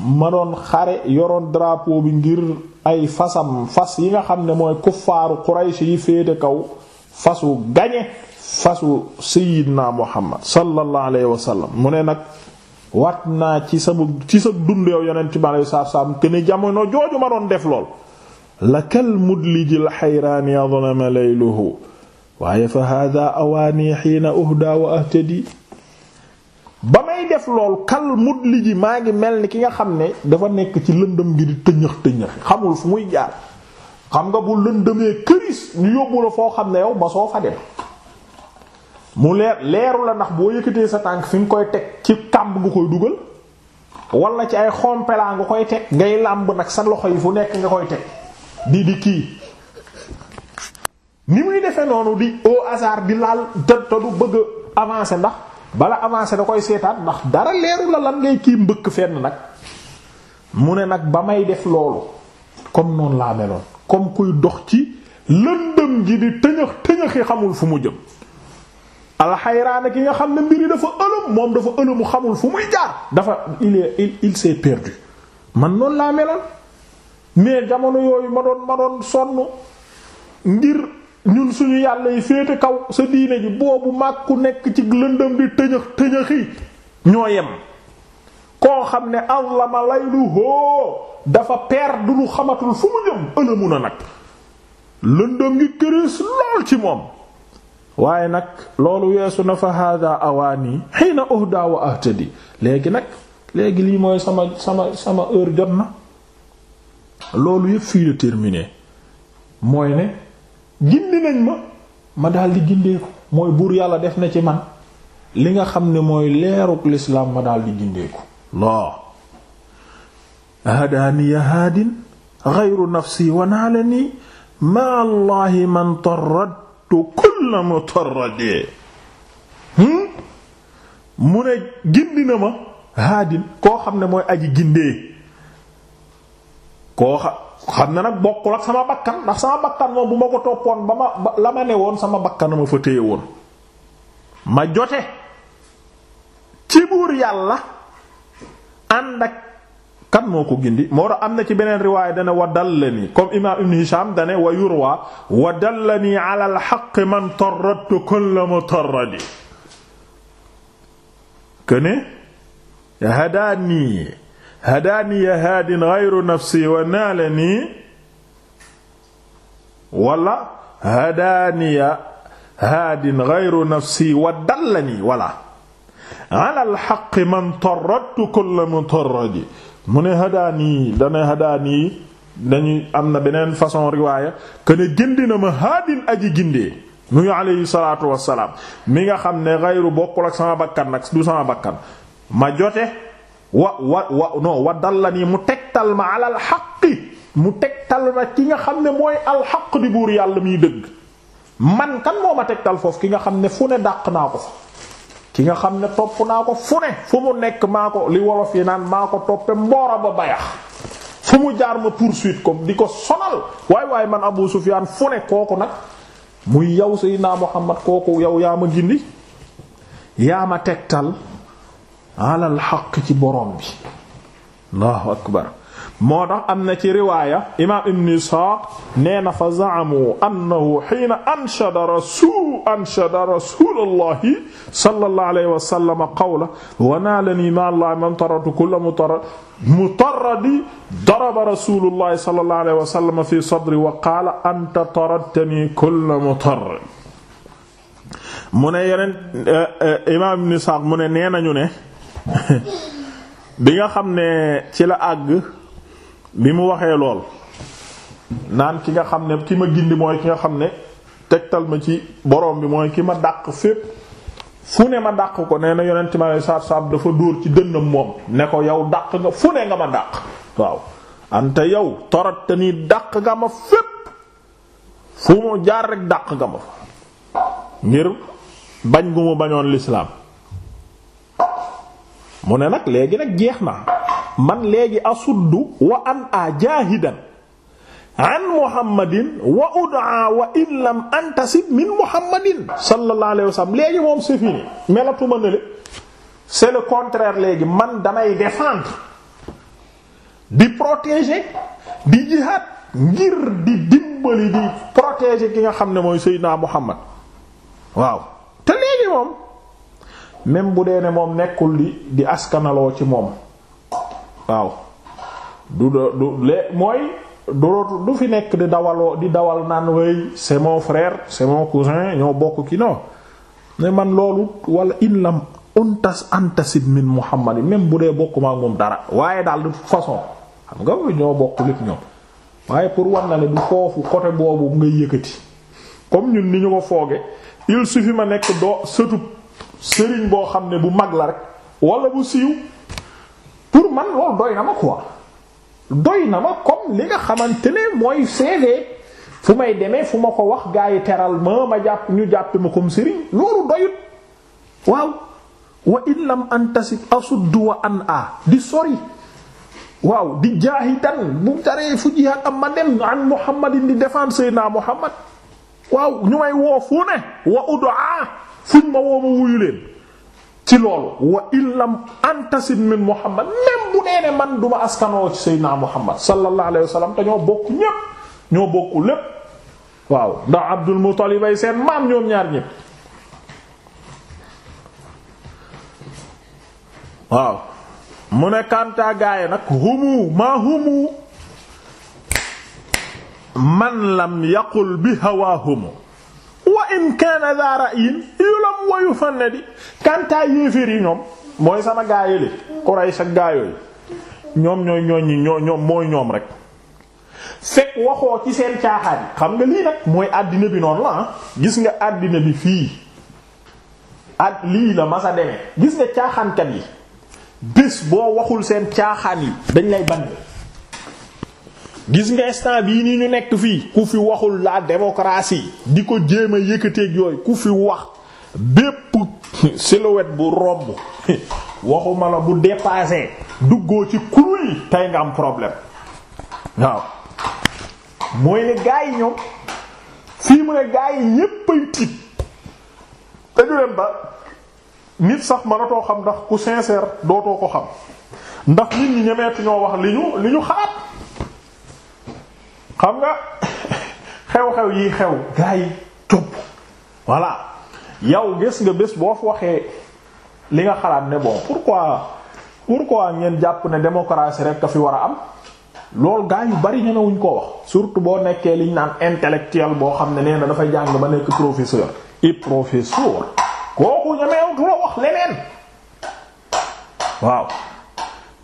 ma doon xare yoroon drapeau bi ngir ay fasam fas yi nga xam ne mooy kuffaaru Quraysh yi féete kaw fasu gañe fasu sayyidina Muhammad sallallahu alayhi wa sallam mu ne nag wat naa ci sama ci sa dund yow yonent bi alayhi salaatu salaam jamono jooju ma doon def lool la kal mudlijil xayraani adlama layluhu waaye fa hada awaani xiina uhda wa ahtadi may def lool kal mudliji maa ngi mel ni ki nga xam ne dafa nekk ci lëndëm gi di tëñëx tëñëx xamul fu muy jaar xam nga bu lëndëmee këris ñu yóbbu la foo xam ne yow ba soo fa dem mu leer leeru la ndax boo yëkkatee sa tànk fi nga koy teg ci kàmb nga koy dugal wala ci ay xompelaa nga koy teg ngay làmb nag sa loxo yi fu nekk nga koy teg di di kii ni muy defee noonu di au hasard di laal te du bëgg avancé ndax bala avancé da koy seetaan ndax dara leeru la lan ngay kii mbëkk fenn nag mu ne nag ba may def loolu comme noonu laa meloon comme kuy dox ci lëndëm ji di tëñëx tëñëxi xamul fu mu jëm alxayraana ki nga xam ne mbiri dafa ëlëm moom dafa ëlëmu xamul fu muy jaar dafa il est il s'est perdu man noonu laa meloon mais jamono yooyu ma doon ma doon sonn ngir ñun suñu yàlla yi féete kaw sa diine ji boobu mag ku nekk ci lëndëm di tëñëx tëñëxi ñoo yem koo xam ne allah ma lay lu hoo dafa perdre lu xamatul fu mu jëm ëlëmu na nag lëndëm ngi kërees lool ci moom waaye nag loolu weesu na fa hàdda awaani xiina uhda wa ahtadi léegi nag léegi lii mooy sama sama sama heure jot na loolu yépp fii la terminé mooy ne gindi nañ ma ma daal di gindeeku mooy buur yàlla def na ci man li nga xam ne mooy leeruk lislaam ma daal di gindeeku loo hadaaniya haadin geyru nafsi wanaale nii ma allahi man taradtu kulla mutarradee hmm? mu ne gindi na ma haadin koo xam ne mooy aji gindee koo xam xam na nag bokkul ak sama bakkan ndax sama bakkan moom bu ma ko toppoon ba ma la ma ne woon sama bakkan moo fa téye woon ma jote ci buur yàlla ànd ak kan moo ko gindi moo tax am na ci beneen riwaay dana wa dallani comme imaam ibn Hisham dane wa yurwa wa dallani ala al-haqq man tarradtu kulla mutarradi kene hadaani hadaaniya haadin ghayru nafsi wa naalani wala hadaaniya haadin ghayru nafsi wa dallani wala ala alxaqi man torradtu kulla mutarradi mu ne hadaani dana hadaani dañuy am na beneen façon riwaaya kene gindi na ma haadin aji gindee nuyu alayhi salaatu wassalaam mi nga xam ne ghayru bokkul ak sama bakkan nag du sama bakkan ma jote wa wa wa non wa dal la nii mu tegtal ma alal xaqi mu tegtal ma ki nga xam ne mooy alxaq di buur yàlla muy dëgg man kan moo ma tegtal foofu ki nga xam ne fu ne dàq naa ko fa ki nga xam ne topp naa ko fu ne fu mu nekk maa ko li wolof yi naan maa ko toppe mboora ba bayax fu mu jaar ma poursuite ko di ko sonal waay waay man Abu Sufyaan fu ne kooku nag muy yow Seydina Muhammad kooku yow yaa ma gindi yaa ma tegtal alal xaq ci borom bi allahu akbar moo tax am na ci riwaaya imaam ibn isxaaq nee na fa zaamu annahu xiina anshada rasul anshada rasulullahi sallallahu alayhi wa sallam qawla wa naalani ma allah man taratu kulla mutarradi daraba rasulullahi sallallahu alayhi wa sallam fi sadri wa qaala anta taradtani kulla mutarrad mu ne yeneen eh, eh, imaam ibn isxaaq mu ne nee nañu ne bi nga xam ne ci la àgg bi mu waxee lool naan ki nga xam ne ki ma gindi mooy ki nga xam ne tegtal ma ci borom bi mooy ki ma dàq fépp fu ne ma dàq ko nee na yonent ma saab saab dafa dóor ci dënnam moom ne ko yow dàq nga fu ne nga ma dàq waaw ante yow torat te nii dàq nga ma fépp fu mu jaar rek dàq nga ma ngir bañ gu mu bañoon lislaam mu ne nag léegi nag jeex na man léegi asuddu wa an a jaahidan an muhammadin wa udaa wa in lam antasib min muhammadin sallallahu alayhi wa sallam léegi moom c'est fini melatuma ne le c'est le contraire léegi man damay défendre di protéger di jihaad ngir di dimbali di protéger ki nga xam ne mooy Seydina Muhammad waaw même bu dee ne moom nekkul di di askanaloo ci moom waaw du du le mooy du du fi nekk di dawaloo di dawal naan wey c'est mon frère c'est mon cousin ñoo bokk ki non ne man loolu wala in lam untas antasib min muhammad même bu dee bokkuma ak moom dara waaye daal de façon xam nga ñoo bokk lépp ñoom waaye pour war na ne du foofu côté boobu ngay yëkkati comme ñun ni ñu ko fooge il suffit ma nekk doo sëtub sëriñ boo xam ne bu mag la rek wala bu siiw pour man loolu doy na ma quoi doy na ma comme li nga xamante ne mooy CV fu may demee fu ma ko wax gaa yi teral ma ma jàpp ñu jàpp ma comme sëriñ loolu doyut waaw wa in lam antasib asuddu wa an a di sori waaw di jaahidan bu taree fu jihaad am ma dem an muhammadin di défendre sayyidina muhammad waaw ñu may woo ne wa udaa fuñ ma woo ma wuyu leen ci loolu wa illam antasib min muhammad même bu nee ne man duma askanoo seydinaa muhammad sallallahu alayhi wa te ñoo bokk ñépp ñoo bokk lépp waaw ndax abdul muttalib ay seen maam ñoom ñaar ñépp waaw mu ne kàntaa gaaya nag humu maa humu man lam yaqul bi hawaa humu wa in kaana daa ra'yin yulam wa yufannadi kantaa yéeféer yi ñoom mooy sama gaayale Quraysh ak gaayooyu ñoom ñooy ñooñi ñoo ñoom mooy ñoom rek fekk waxoo ci seen caaxaan yi xam nga lii nag mooy àddina bi noonu la ah. gis nga àddina bi fii ak lii la masa demee gis nga caaxaankat yi bis boo waxul seen caaxaan yi dañ lay ban gis nga instant bii ni ñu nekk fii ku fi waxul la démocratie di ko jéem a yëkkateeg yooyu ku fi wax bépp silhouette bu romb waxuma la bu dépassé duggoo ci kuréel yi nga am problème waaw mooy ne gaa yi ñoom fii mu ne gaa yi ñéppay tiit dañu dem ba nit sax mënatoo xam ndax ku sincère dootoo ko xam ndax nit ñi ñemeetu ñoo wax li ñu li ñu xalaat xam nga xew-xew yi xew gaa yi topp voilà yow gis nga bés boo waxee li nga xalaat ne pour bon pourquoi pourquoi ngeen jàpp ne démocratie rek a fi war a am loolu gaa yu bari ñemewuñ koo wax surtout boo nekkee liñ naan intellectuel boo xam ne nee na dafa jàng ba nekk professeur et professeur kooku ñemewuñ ko wax leneen waaw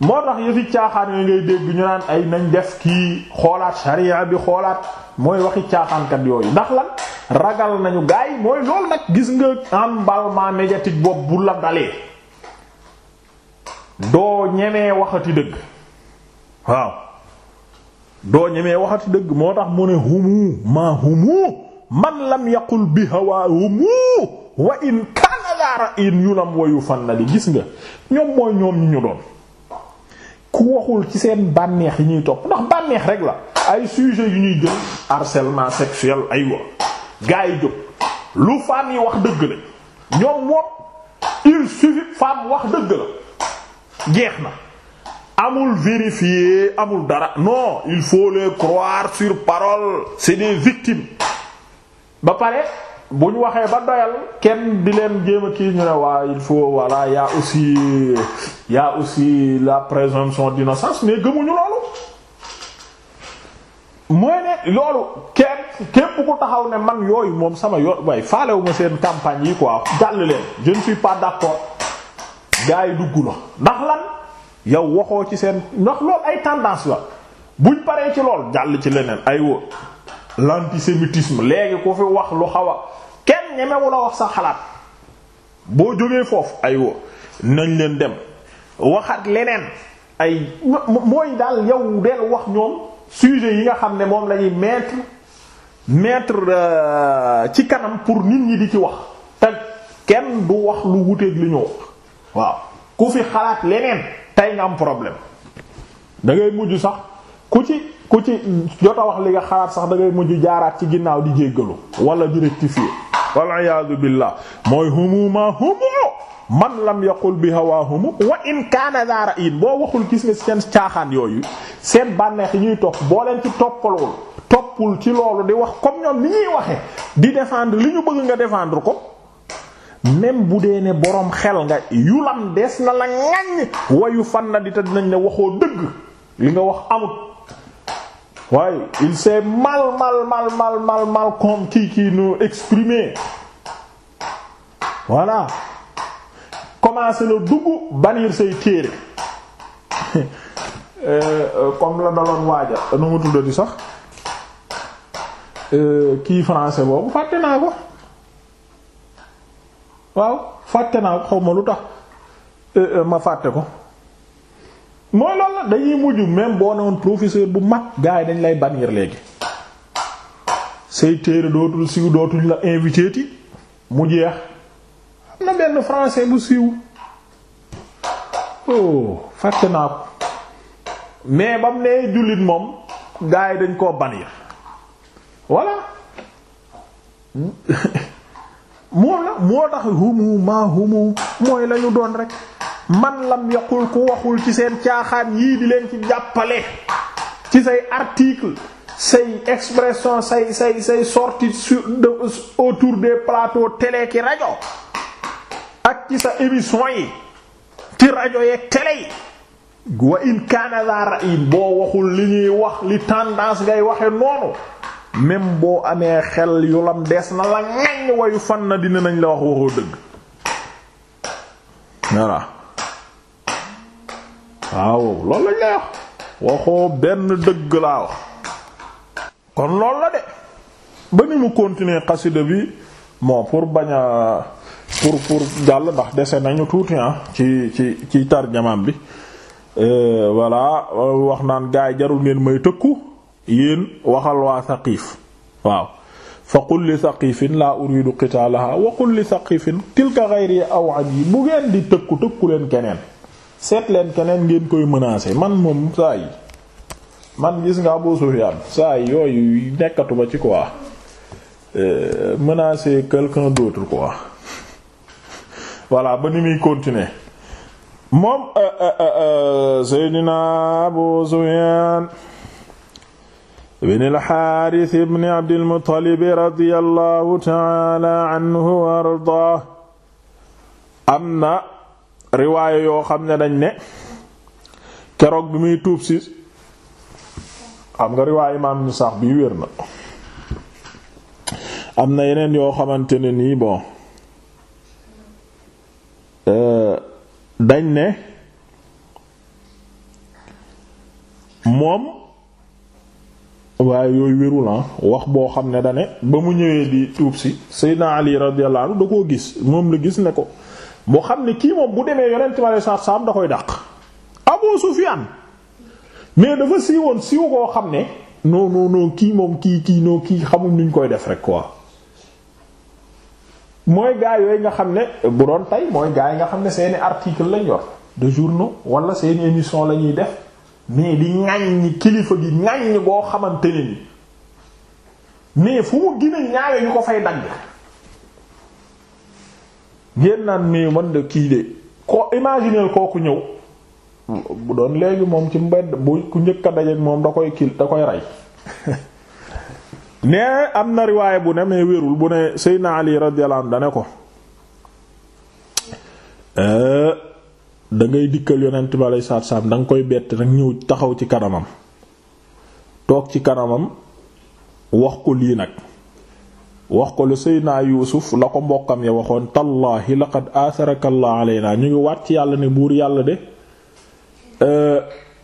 moo tax yëfi caaxaan yooyu ngay dégg ñu naan ay nañ def kii xoolaat sariya bi xoolaat mooy waxi caaxaankat yooyu ndax lan ragal nañu gaay mooy loolu nag gis nga emballement médiatique bu la doo ñemee waxati dëgg waaw waxati dëgg moo mu ne man lam yaqul bi hawaa humu la ra'in gis nga ñoom mooy ñoom ñu ñu doon ku waxul ci seen bànneex yi ñuy topp ndax bànneex rek la ay sujet yu ñuy jël harcèlement sexuel aywa gars yi jóg lu femme yi wax dëgg la ñoom moom il suffit femme wax dëgg la jeex na amul vérifier amul dara non il faut les croire sur parole c'est des victimes ba pare bu ñu waxee ba doyal kenn di leen jéem a kii ñu ne waa il faut voilà y aussi y a aussi la présomption d'innocence mais gëmuñu loolu mooy ne loolu kenn képp ku taxaw ne man yooyu moom sama yoon waaye faalewu ma seen campagne yi quoi jàll leen je ne suis pas d'accord gars yi dugg la ndax lan yow waxoo ci seen ndax loolu ay tendance la buñ paree ci lool jàll ci leneen ay woo l'antisémitisme léegi ku fi wax lu xaw a kenn ñemewu la wax sax xalaat boo jógee foofu aywa nañ leen dem waxat leneen ay mooy daal yow del wax ñoom sujet yi nga xam ne moom la ñuy mettre mettre euh, ci kanam pour nit ñi di ci wax te kenn du wax lu wuteeg li ñu wax waaw ku fi xalaat leneen tey nga am problème da mujj sax ku ci. ku ci jot a wax li nga xalaat sax da ngay mujj jaaraat ci ginnaaw di jéggalu wala di rectifier wal iyaadu billah mooy humu ma man lam yaqul bi hawaahumu wa in kaana daara in boo waxul gis nga seen caaxaan yooyu seen bànneex yi ñuy topp boo leen ci toppalul toppul ci loolu di wax comme ñoom li ñuy waxe di défendre li ñu bëgg nga defendre ko même bu dee ne boroom xel nga yulam des na la ŋaññ wayu fan na di te dinañ ne waxoo dëgg li nga wax waaye il s'est mal mal mal mal mal mal comme kii kii nous exprimer voilà commencé la dugg bannir say téere euh, comme la daloon waaja nu mu tuddati sax euh, kii français boobu fàtte naa ko waaw fàtte naa ko xaw ma lu tax euh, ma fàtte ko. mooy loolu la dañuy mujj même boo newoon professeur bu mag gars yi dañ lay yir léegi say téere dootul siiw dootuñ la invité ti mu jeex na benn français bu siiw oh fàtte naa ko mais ba mu nee jullit moom gaa yi dañ koo bannir voilà moo la moo tax humu maa humu mooy lañu doon rek man lam yaqul ku waxul ci seen caaxaan yii di leen ci jàppale ci say article say expression say say say sortie sur autour des plateaux télé ki rajo ak ci sa émission yi ci rajo yeeg télé yi wa in kaana za boo waxul li ñuy wax li tendance ngay waxe noonu même boo amee xel yu lam des na la ngañ wayu fan na dina nañ la wax waxoo dëgg waaw loolu lañ lay waxoo benn dëgg laa wax kon loolu la de ba ni mu continuer xasida bi moo pour bañ a pour pour jàll ndax dese nañu tuuti ah ci ci ci tarjamaam bi euh, voilà wax naan gaay jarul ngeen may tëkku yéen waxal waa saqiif waaw fa qul li saqifin laa uridu qitaalaha wa qul li tilka ghayri aw aji bu ngeen di tëkku tëkku leen keneen seet leen keneen ngeen koy menacer man moom saa man gis nga Abu Sufyan saa yi yooyu nekkatuma ci quoi euh, menacer quelqu'un d'autre quoi voilà ba ni muy continuer moom euh, euh, Seydina Abu Sufyan ibn al-Harith ibn Abd al-Muttalib wa ardaahu am na riwaaya yoo xam ne dañ ne keroog bi muy tuub si xam nga riwaaya imaam ni sax bi wér na am na yeneen yoo xamante ne nii bon euh, dañ ne moom waaye yooyu wérul ah, wax boo xam ne da ba mu ñëwee di tuub si Seydina Ali radiyallahu anhu da koo gis moom la gis ne ko boo xam ne kii moom bu demee yonent ma lay saar saam da koy dàq Abu Sufyan mais dafa siiwoon siiw koo xam ne non non kii moom kii kii non kii xamul nuñ koy def rek quoi mooy gaa yooyu nga xam ne bu doon tey mooy gaa yi nga xam ne seeni article lañ yor de journaux wala seeni émission lañuy def mais di ŋàññi kilifa gi ŋàññi boo xamante ne ni mais fu mu gën a ñu ko fay dagg ngeen naan mais man de kii de ko imaginer kooku ñëw bu doon léegi moom ci mbedd bu ku njëkk a dajeek moom da koy kil da koy rey nee am na riwaay bu ne mais wérul bu ne Seydina Ali radiyallahu anhu dane ko euh, da ngay dikkal yonent bi aleyhi salaatu salaam danga koy bett nag ñëw taxaw ci kanamam toog ci kanamam wax ko lii nag wax ko la Seydina Yuusuf la ko mbokkam ya waxoon tallaahi laqad atharaka Allah alayna ñu ngi wàcc yàlla ne buur yàlla de eh,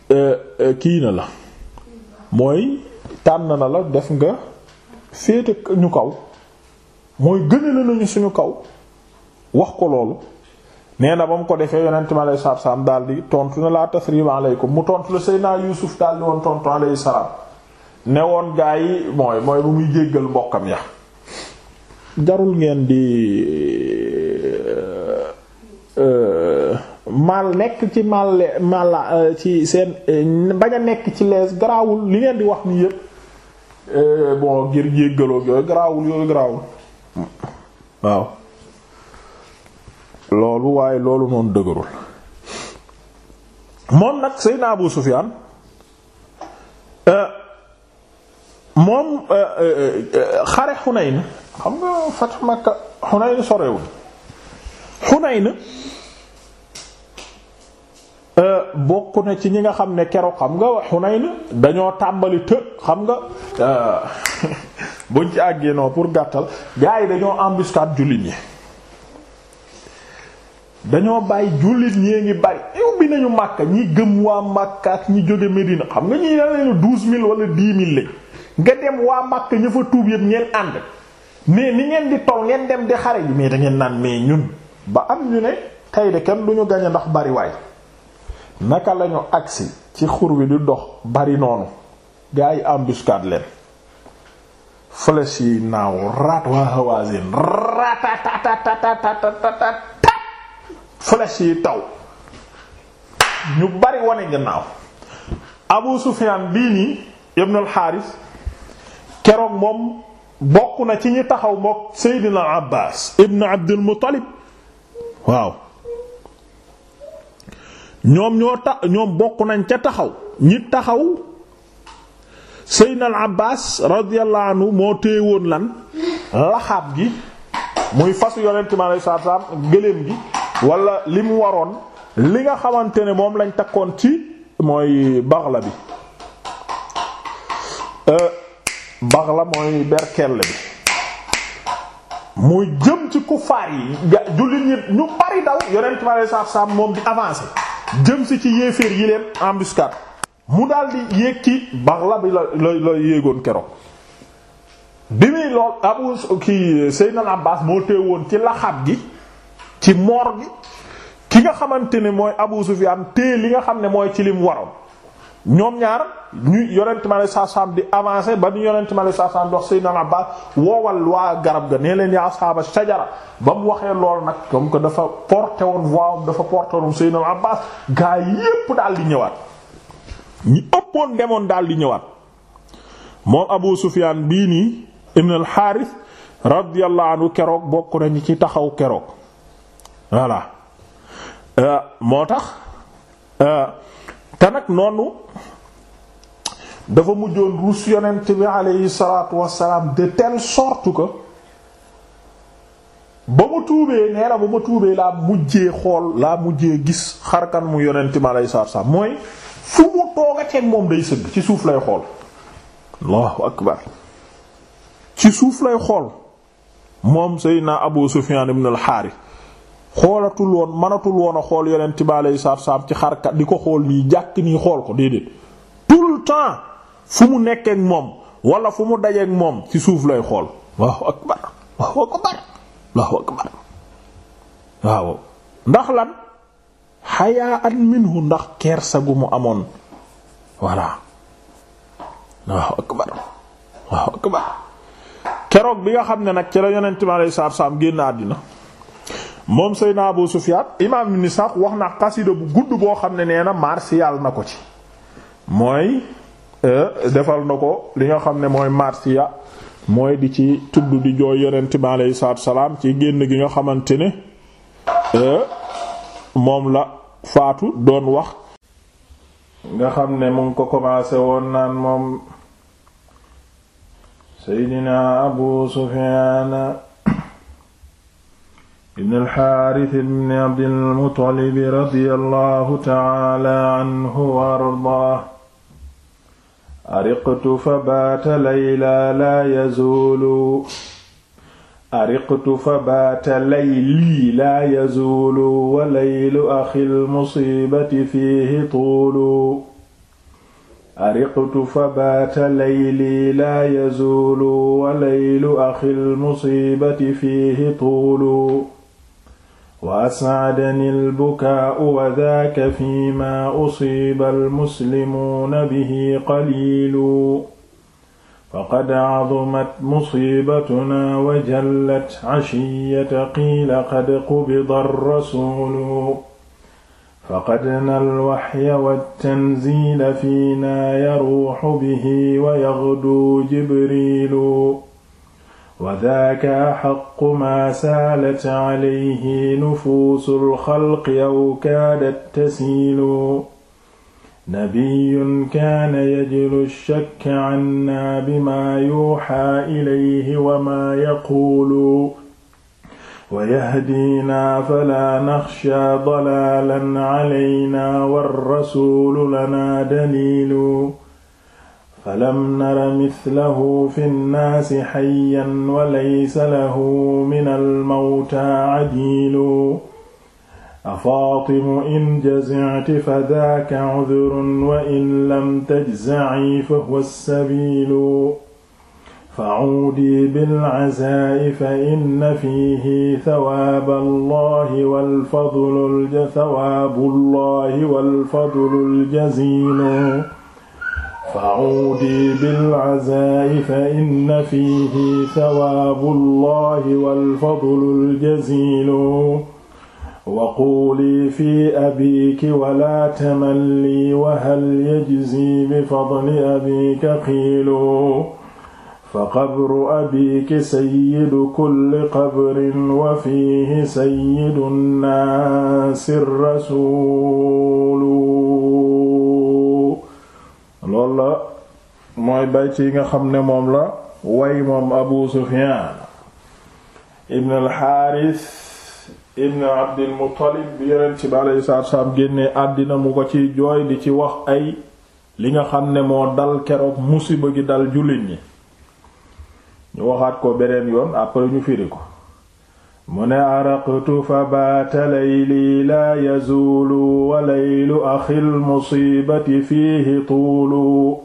eh, eh, kii na la mooy tànn na la def nga féete ñu kaw mooy gënale nañu suñu kaw wax ko loolu nee na ba mu ko defee yonent mi alayhi salaatu salaam daal di tontu ne laa tasriba aleykum mu tontu la naa Yuusuf daal di woon tontu alayhi salaam ne woon gaa yi mooy mooy bu muy jéggal mbokkam ya jarul ngeen di eh, eh, mal nekk ci mal mal eh, ci seen bañ a nekk ci lees garaawul li ngeen di wax ni yépp bon ngir jéggaloo yooyu garaawul yooyu garaawul waaw loolu waaye loolu noonu dëgërul moom nag Seydina Abu Sufyaan moom xare Xunayn xam nga Fath Makka Hunayn sorewul Hunayn euh, bokk na ci ñi nga xam ne keroog xam nga Hunayn dañoo tàmbali të xam nga euh, buñ ci àggee non pour gàttal gaa yi dañoo embuscade jullit yi dañoo bàyyi jullit ñee ngi bari yow bi nañu Makka ñi gëm waa Makka ak ñi jóge Medina xam nga ñi ne leen douze mille wala dix lañ nga dem waa Makka ña tuub yëpp ñeen ànd mais ni ngeen di tol ngeen dem di xare ji mais da ngeen naan mais ñun ba am ñu ne tey de kenn du ñu gañe ndax bari waay naka lañu agsi ci xur wi di dox bari noonu gaa yi embuscade leen flèche yi naaw raat taw ñu bari wane gannaaw Abu Sufyan bii nii ibn al keroog moom bokk na ci ñi taxaw mook Seydina Abbas ibn Abdul Muttalib waaw ñoom ñoo ta ñoom bokk nañ ca taxaw ñi taxaw Seydina Abbas radiyallahu anhu moo téye woon lan laxaab gi muy fasu yonent mi alayhi salaatu gëléem gi wala li mu waroon li nga xawante ne moom lañ takkoon ci mooy baxla bi. Euh, bax la mooy berkelle bi muy jëm ci kufaar yi ga jullit ñi ñu bari daw yonent bi alei satu moom di avancer jëm si ci yéeféer yi leen embuscade mu daldi yéeg ci bax la bi la la la yéegoon keroog bi muy lool abu ki Seydina Abbas moo teewoon ci laxab gi ci moor gi ki nga xamante ne mooy Abu Sufyan téye li nga xam ne mooy ci lim waroon ñoom ñaar ñu yonent ma lay saasaam di avancé ba ñu yonent ma lay saasaam dox Seydina Abbaas woowal waa garab ga nee leen yaa ashaaba sajara ba mu waxee lool nag comme que dafa porté woon voix dafa porté woon Seydina Abbaas gaa yépp daal di ñëwaat ñi ëppoon demoon daal di ñëwaat moom Abu Sufyaan bii nii ibn al-Haaris radiyallahu anhu keroog bokk nañu ci taxaw keroog voilà euh, moo tax euh, te noonu dafa mujjoon rus yonent bi aleyhi salaatu wassalaam de telle sorte que ba ma tuubee nee na ba ma tuubee laa mujjee xool laa mujjee gis xarkan mu yonent bi aleyhi salaatu wassalaam mooy fu mu toogateeg moom day sëgg ci suuf lay xool allahu akbar ci suuf lay xool moom Seydina Abu Sufyaan ibn al-Haaris xoolatul woon mënatul woon a xool yeneen bi alayhi salaatu wa salaam ci xarkat di ko xool nii jàkk nii xool ko déedéet tout le temps fu mu nekkeek moom wala fu mu dajeek moom ci suuf lay xool waaw akbar waaw akbar waaw akbar waaw ndax lan xayaa'an minhu mu amoon voilà waaw akbar waaw akbar keroog bi nga xam ne nag ci la yonent bi alayhi salaatu wa salaam génn àddina moom Seydina Abu Sufyan imaam Ibn Ishaq wax na xasida bu gudd boo xam ne nee na martial na ko ci mooy euh, defal na ko li nga xam ne mooy martial mooy di ci tudd di jooy yonent bi aleyhi salaam ci génn gi nga xamante ne euh, moom la faatu doon wax nga xam ne mu ngi ko commencé woon naan moom Seydina Abu Sufyan ibn alxaaris ibn abdilmutalib radiyallahu taala anhu wa ardaah ariqtu fa baata layla laa yazuulu ariqtu fa baata laylii laa yazuulu wa laylu axil musiibati fiihi tuulu ariqtu fa baata laylii laa yazuulu wa laylu axil musiibati fiihi tuulu wa as'adani al-bukaa'u wa dhaaka fiimaa usiiba al-muslimuuna bihi qaliilu faqad 'azumat musiibatunaa wa jallat 'ashiyyata qiila qad qubida ar-rasuulu faqad nal wahya wat-tanziila fiinaa yaruuhu bihi wa yaghdu jibriilu wa daaka axaqu maa saalat calayhi nufuusul xalqi aw kaadat tasiilu nabiyun kaana yajilu shakka cannaa bimaa yuuxaa ilayhi wamaa yaquulu wa yahdiinaa falaa naxshaa dalaalan calaynaa warrasuulu lanaa daliilu falam nara mithlahu fi nnaasi xayyan wa laysa lahu min almawtaa adilu afaatimu in jazicti fadaaka cudurun wa in lam tajzaci fahuwa sabilu facuudii bilcazaa'i fa inna fiihi thawaaba allahi walfadlu thawaabu allahi walfadlu aljaziilu fa'uudi bil'azaa'i fa inna fiihi thawaabu llahi wal fadlul jaziilu wa quuli fi abiki wala tamalli wa hal yajzi bi fadli abika qiilu fa qabru abiki sayyidu kulli qabrin wa fiihi sayyidu nnaasi rasuulu loolu la mooy bay yi nga xam ne moom la way moom abu sufiyaan ibn alxaaris ibn abdil muttalib bi yeneen ci bale saar saam génne àddina mu ko ciy jooy di ci wax ay li nga xam ne moo dal keroog musiba gi dal jullit ñi ñu waxaat ko beneen yoon après ñu fiiri ko mu ne araqtu fa baata layli laa yazuulu wa laylu axil musiibati fiihi tuulu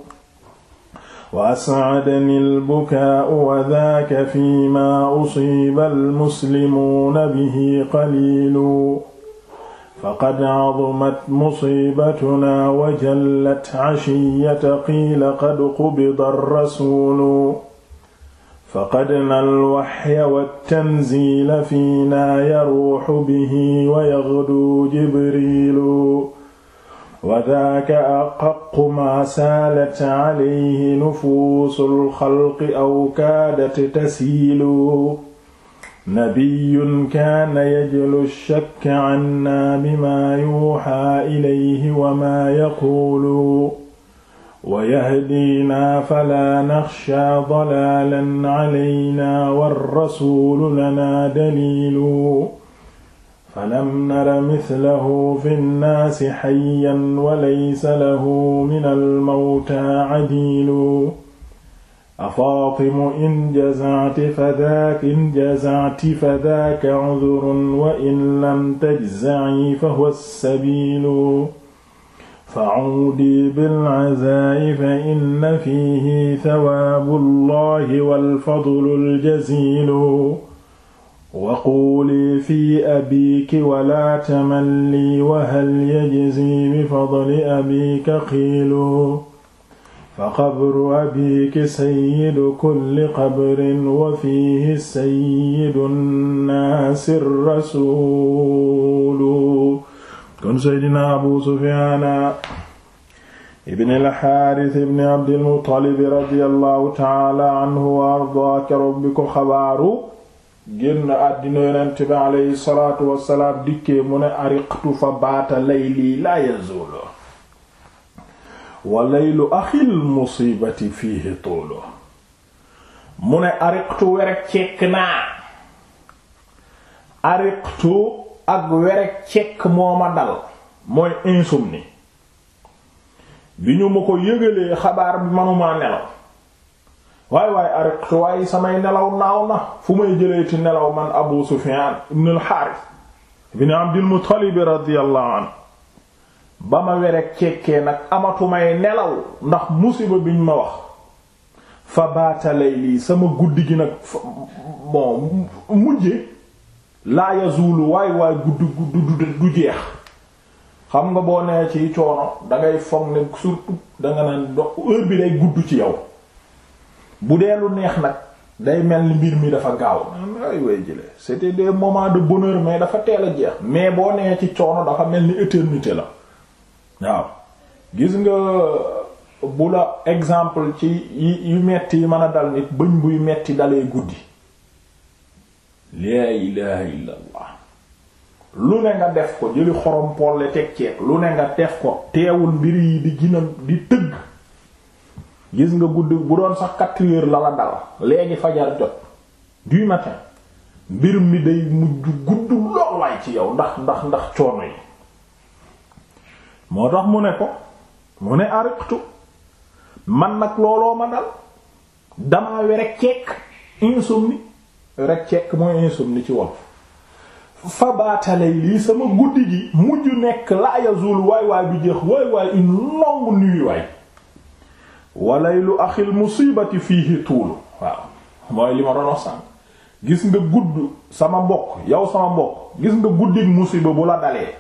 wa as'adani albukaa'u wa daaka fiimaa usiiba almuslimuuna bihi qaliilu faqad cazumat musiibatunaa wa jallat cashiyata qiila qad qubida rasuulu faqadna alwaxya waltanzila fiina yaruuxu bihi wa yagdu jibrilu wa daaka axaqu maa saalat calayhi nufuusu alxalqi aw kaadat tasiilu nabiyun kaana yajlu shakka cannaa bimaa yuuxaa ilayhi wa maa yaquulu wa yahdiina falaa naxshaa dalaalan calaynaa warrasuulu lanaa daliilu falam nara mislahu fi nnaasi xayyan walaysa lahu min almawtaa cadiilu afaatimu in jazacti fadaak in jazacti fadaaka cudurun wa in lam tajzacii fahuwa sabiilu fa'uudi bil'azaa'i fa inna fiihi thawaabu llahi walfadlu aljaziilu wa quuli fii abiiki walaa tamallii wa hal yajzii bifadli abiika qiilu faqabru abiiki sayyidu kulli qabrin wa fiihi sayyidu nnaasi rasuulu kon seydina abu sufiana ibn alxaaris ibn abdilmutalibi radiallahu taala anhu wa arda keroog bi ko xabaaru génn àddina yonent bi aleyhi salaatu wasalaam dikkee mu ne ariqtu fa baata layli laa yazuulu wa laylu axil musibati fiihi tuulu mu ne ariqtu werek cekk naa ariqtu ak werek cekk moo ma dal mooy insomnie bi ñu ma ko yëgalee xabaar bi manumaa nelaw waay waay arek samay nelaw naaw na fu may jëleeti nelaw man abu sufiyaan bi alxaaris ibnu abdil muttalib radiyallahu anhu ba ma werek cekkee nag amatumay nelaw ndax musiba biñ ma wax fa baata layli sama guddi gi nag bon mujje laa yazulu waay waay gudd gudd du jeex xam nga boo nee ci coono dangay foog ne surtout danga naan do heure bi day gudd ci yow bu dee lu neex nag day mel ni mbir mi dafa gaaw ay way jële c'était des moments de bonheur mais dafa teel a jeex mais boo nee ci coono dafa mel ni éternité la waaw gis nga bu la exemple ci yu metti yi mën a dal nit bëñ buy metti dalee guddi laa ilaha illa lu ne nga def ko jëli xorom polle teg ceeb lu ne nga def ko teewul mbir yi di gina di tëgg gis nga guddi bu doon sax quatre heures la la dal léegi fajar jot du matin mbir mi day mujj gudd lool waay ci yow ndax ndax ndax coono yi moo tax mu ne ko mu ne ariqtu man nag looloo ma dal damaa were ceek insomnie rek cek mooy insomnie ci wolof fa baatalay lii sama guddi gi mujj nekk laa yazul waay waay bu jeex waay waay une longue nuit waay walaylu axil musibati fiihi tuulu waaw mooy li ma gis nga gudd sama mbokk yow sama mbokk gis nga guddik musiba bu la dalee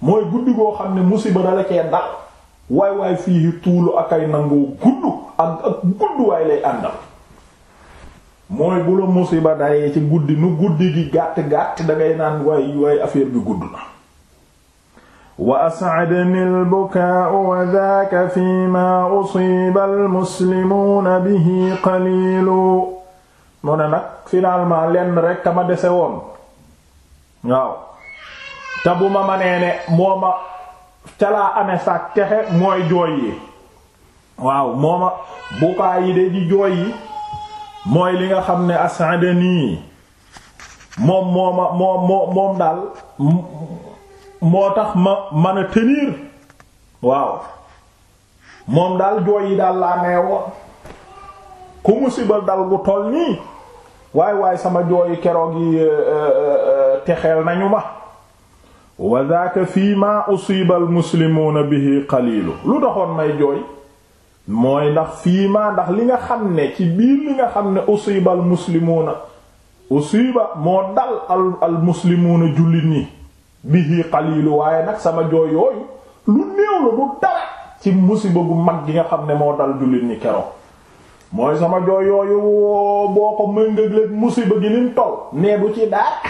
mooy guddi goo xam ne musiba dala cee dal waay waay fiihi tuulu ak ay nangoo gudd ak ak gudd waay lay àndal mooy bu la musiba dayee ci guddi nu guddi gi gàtt-gàtt dangay naan waay waay affaire bi gudd na wa asaadani albukaau wa daaka fi ma usiba almuslimuuna bihi qalilu mu ne nag finalement lenn rek tama dese woon waaw te bu ma manee ne moo ma calaa amee saak texe mooy jooy yi waaw moo ma bukaa yi de di jooy yi mooy li nga xam ne asadani moom mooma moom moom daal moo tax ma man a tenir waaw moom daal jooy yi daal laa nee woon ku musiba dal bu toll nii waay waay sama jooyi keroog yi eh, eh, eh, texeel nañu ma wa fii ma usiba al muslimuuna bihi qalilu lu taxoon may jooy mooy ndax fii ma ndax li nga xam ne ci biir li nga xam ne usiba al muslimuuna usiba moo dal al al muslimuuna jullit ñi bihi qalilu waaye nag sama jooy yooyu lu néew la du dara ci musiba gu mag gi nga xam ne moo dal jullit ñi keroog mooy sama jooy yooyu boo ko méngaleeg musiba gi nim toll nee du ci dara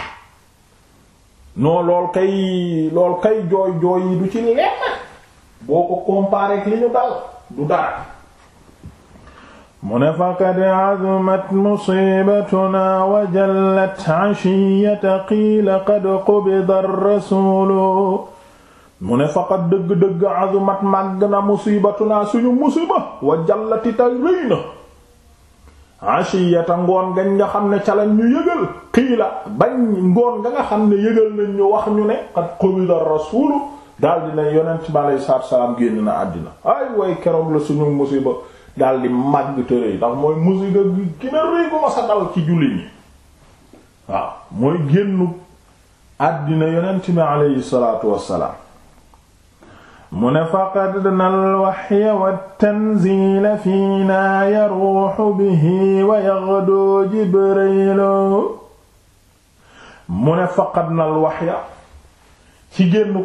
non lool kay lool kay jooy jooy yi du ci lenn boo ko comparé ak li ñu dal du dara mu ne faqad azumat musibatuna wa jallat ashiyata qiila qad qubida rasulu mu ne faqad dëgg-dëgg azumat màgg na musibatuna suñu musiba wa jallati ta rëy na ashiyata ngoon gañ nga xam ne calan ñu yëgal qiila bañ ngoon nga nga xam ne yëgal nañ ñu wax ñu ne qad qubida rasulu daal di ne yonent bi aleyhi salaatu salaam génn na àddina ay way keroog la suñu musiba daal di màgg ndax mooy musiba gi gën rëy bu ma sa dal ci julli ñi waaw mooy génnu àddina yonent bi aleyhi salaatu wassalaam mu ne faqadna alwaxya wattanzila fiina yaruuxu bihi wa yaghduu jibrilu mu ne faqadna alwaxya ci génnu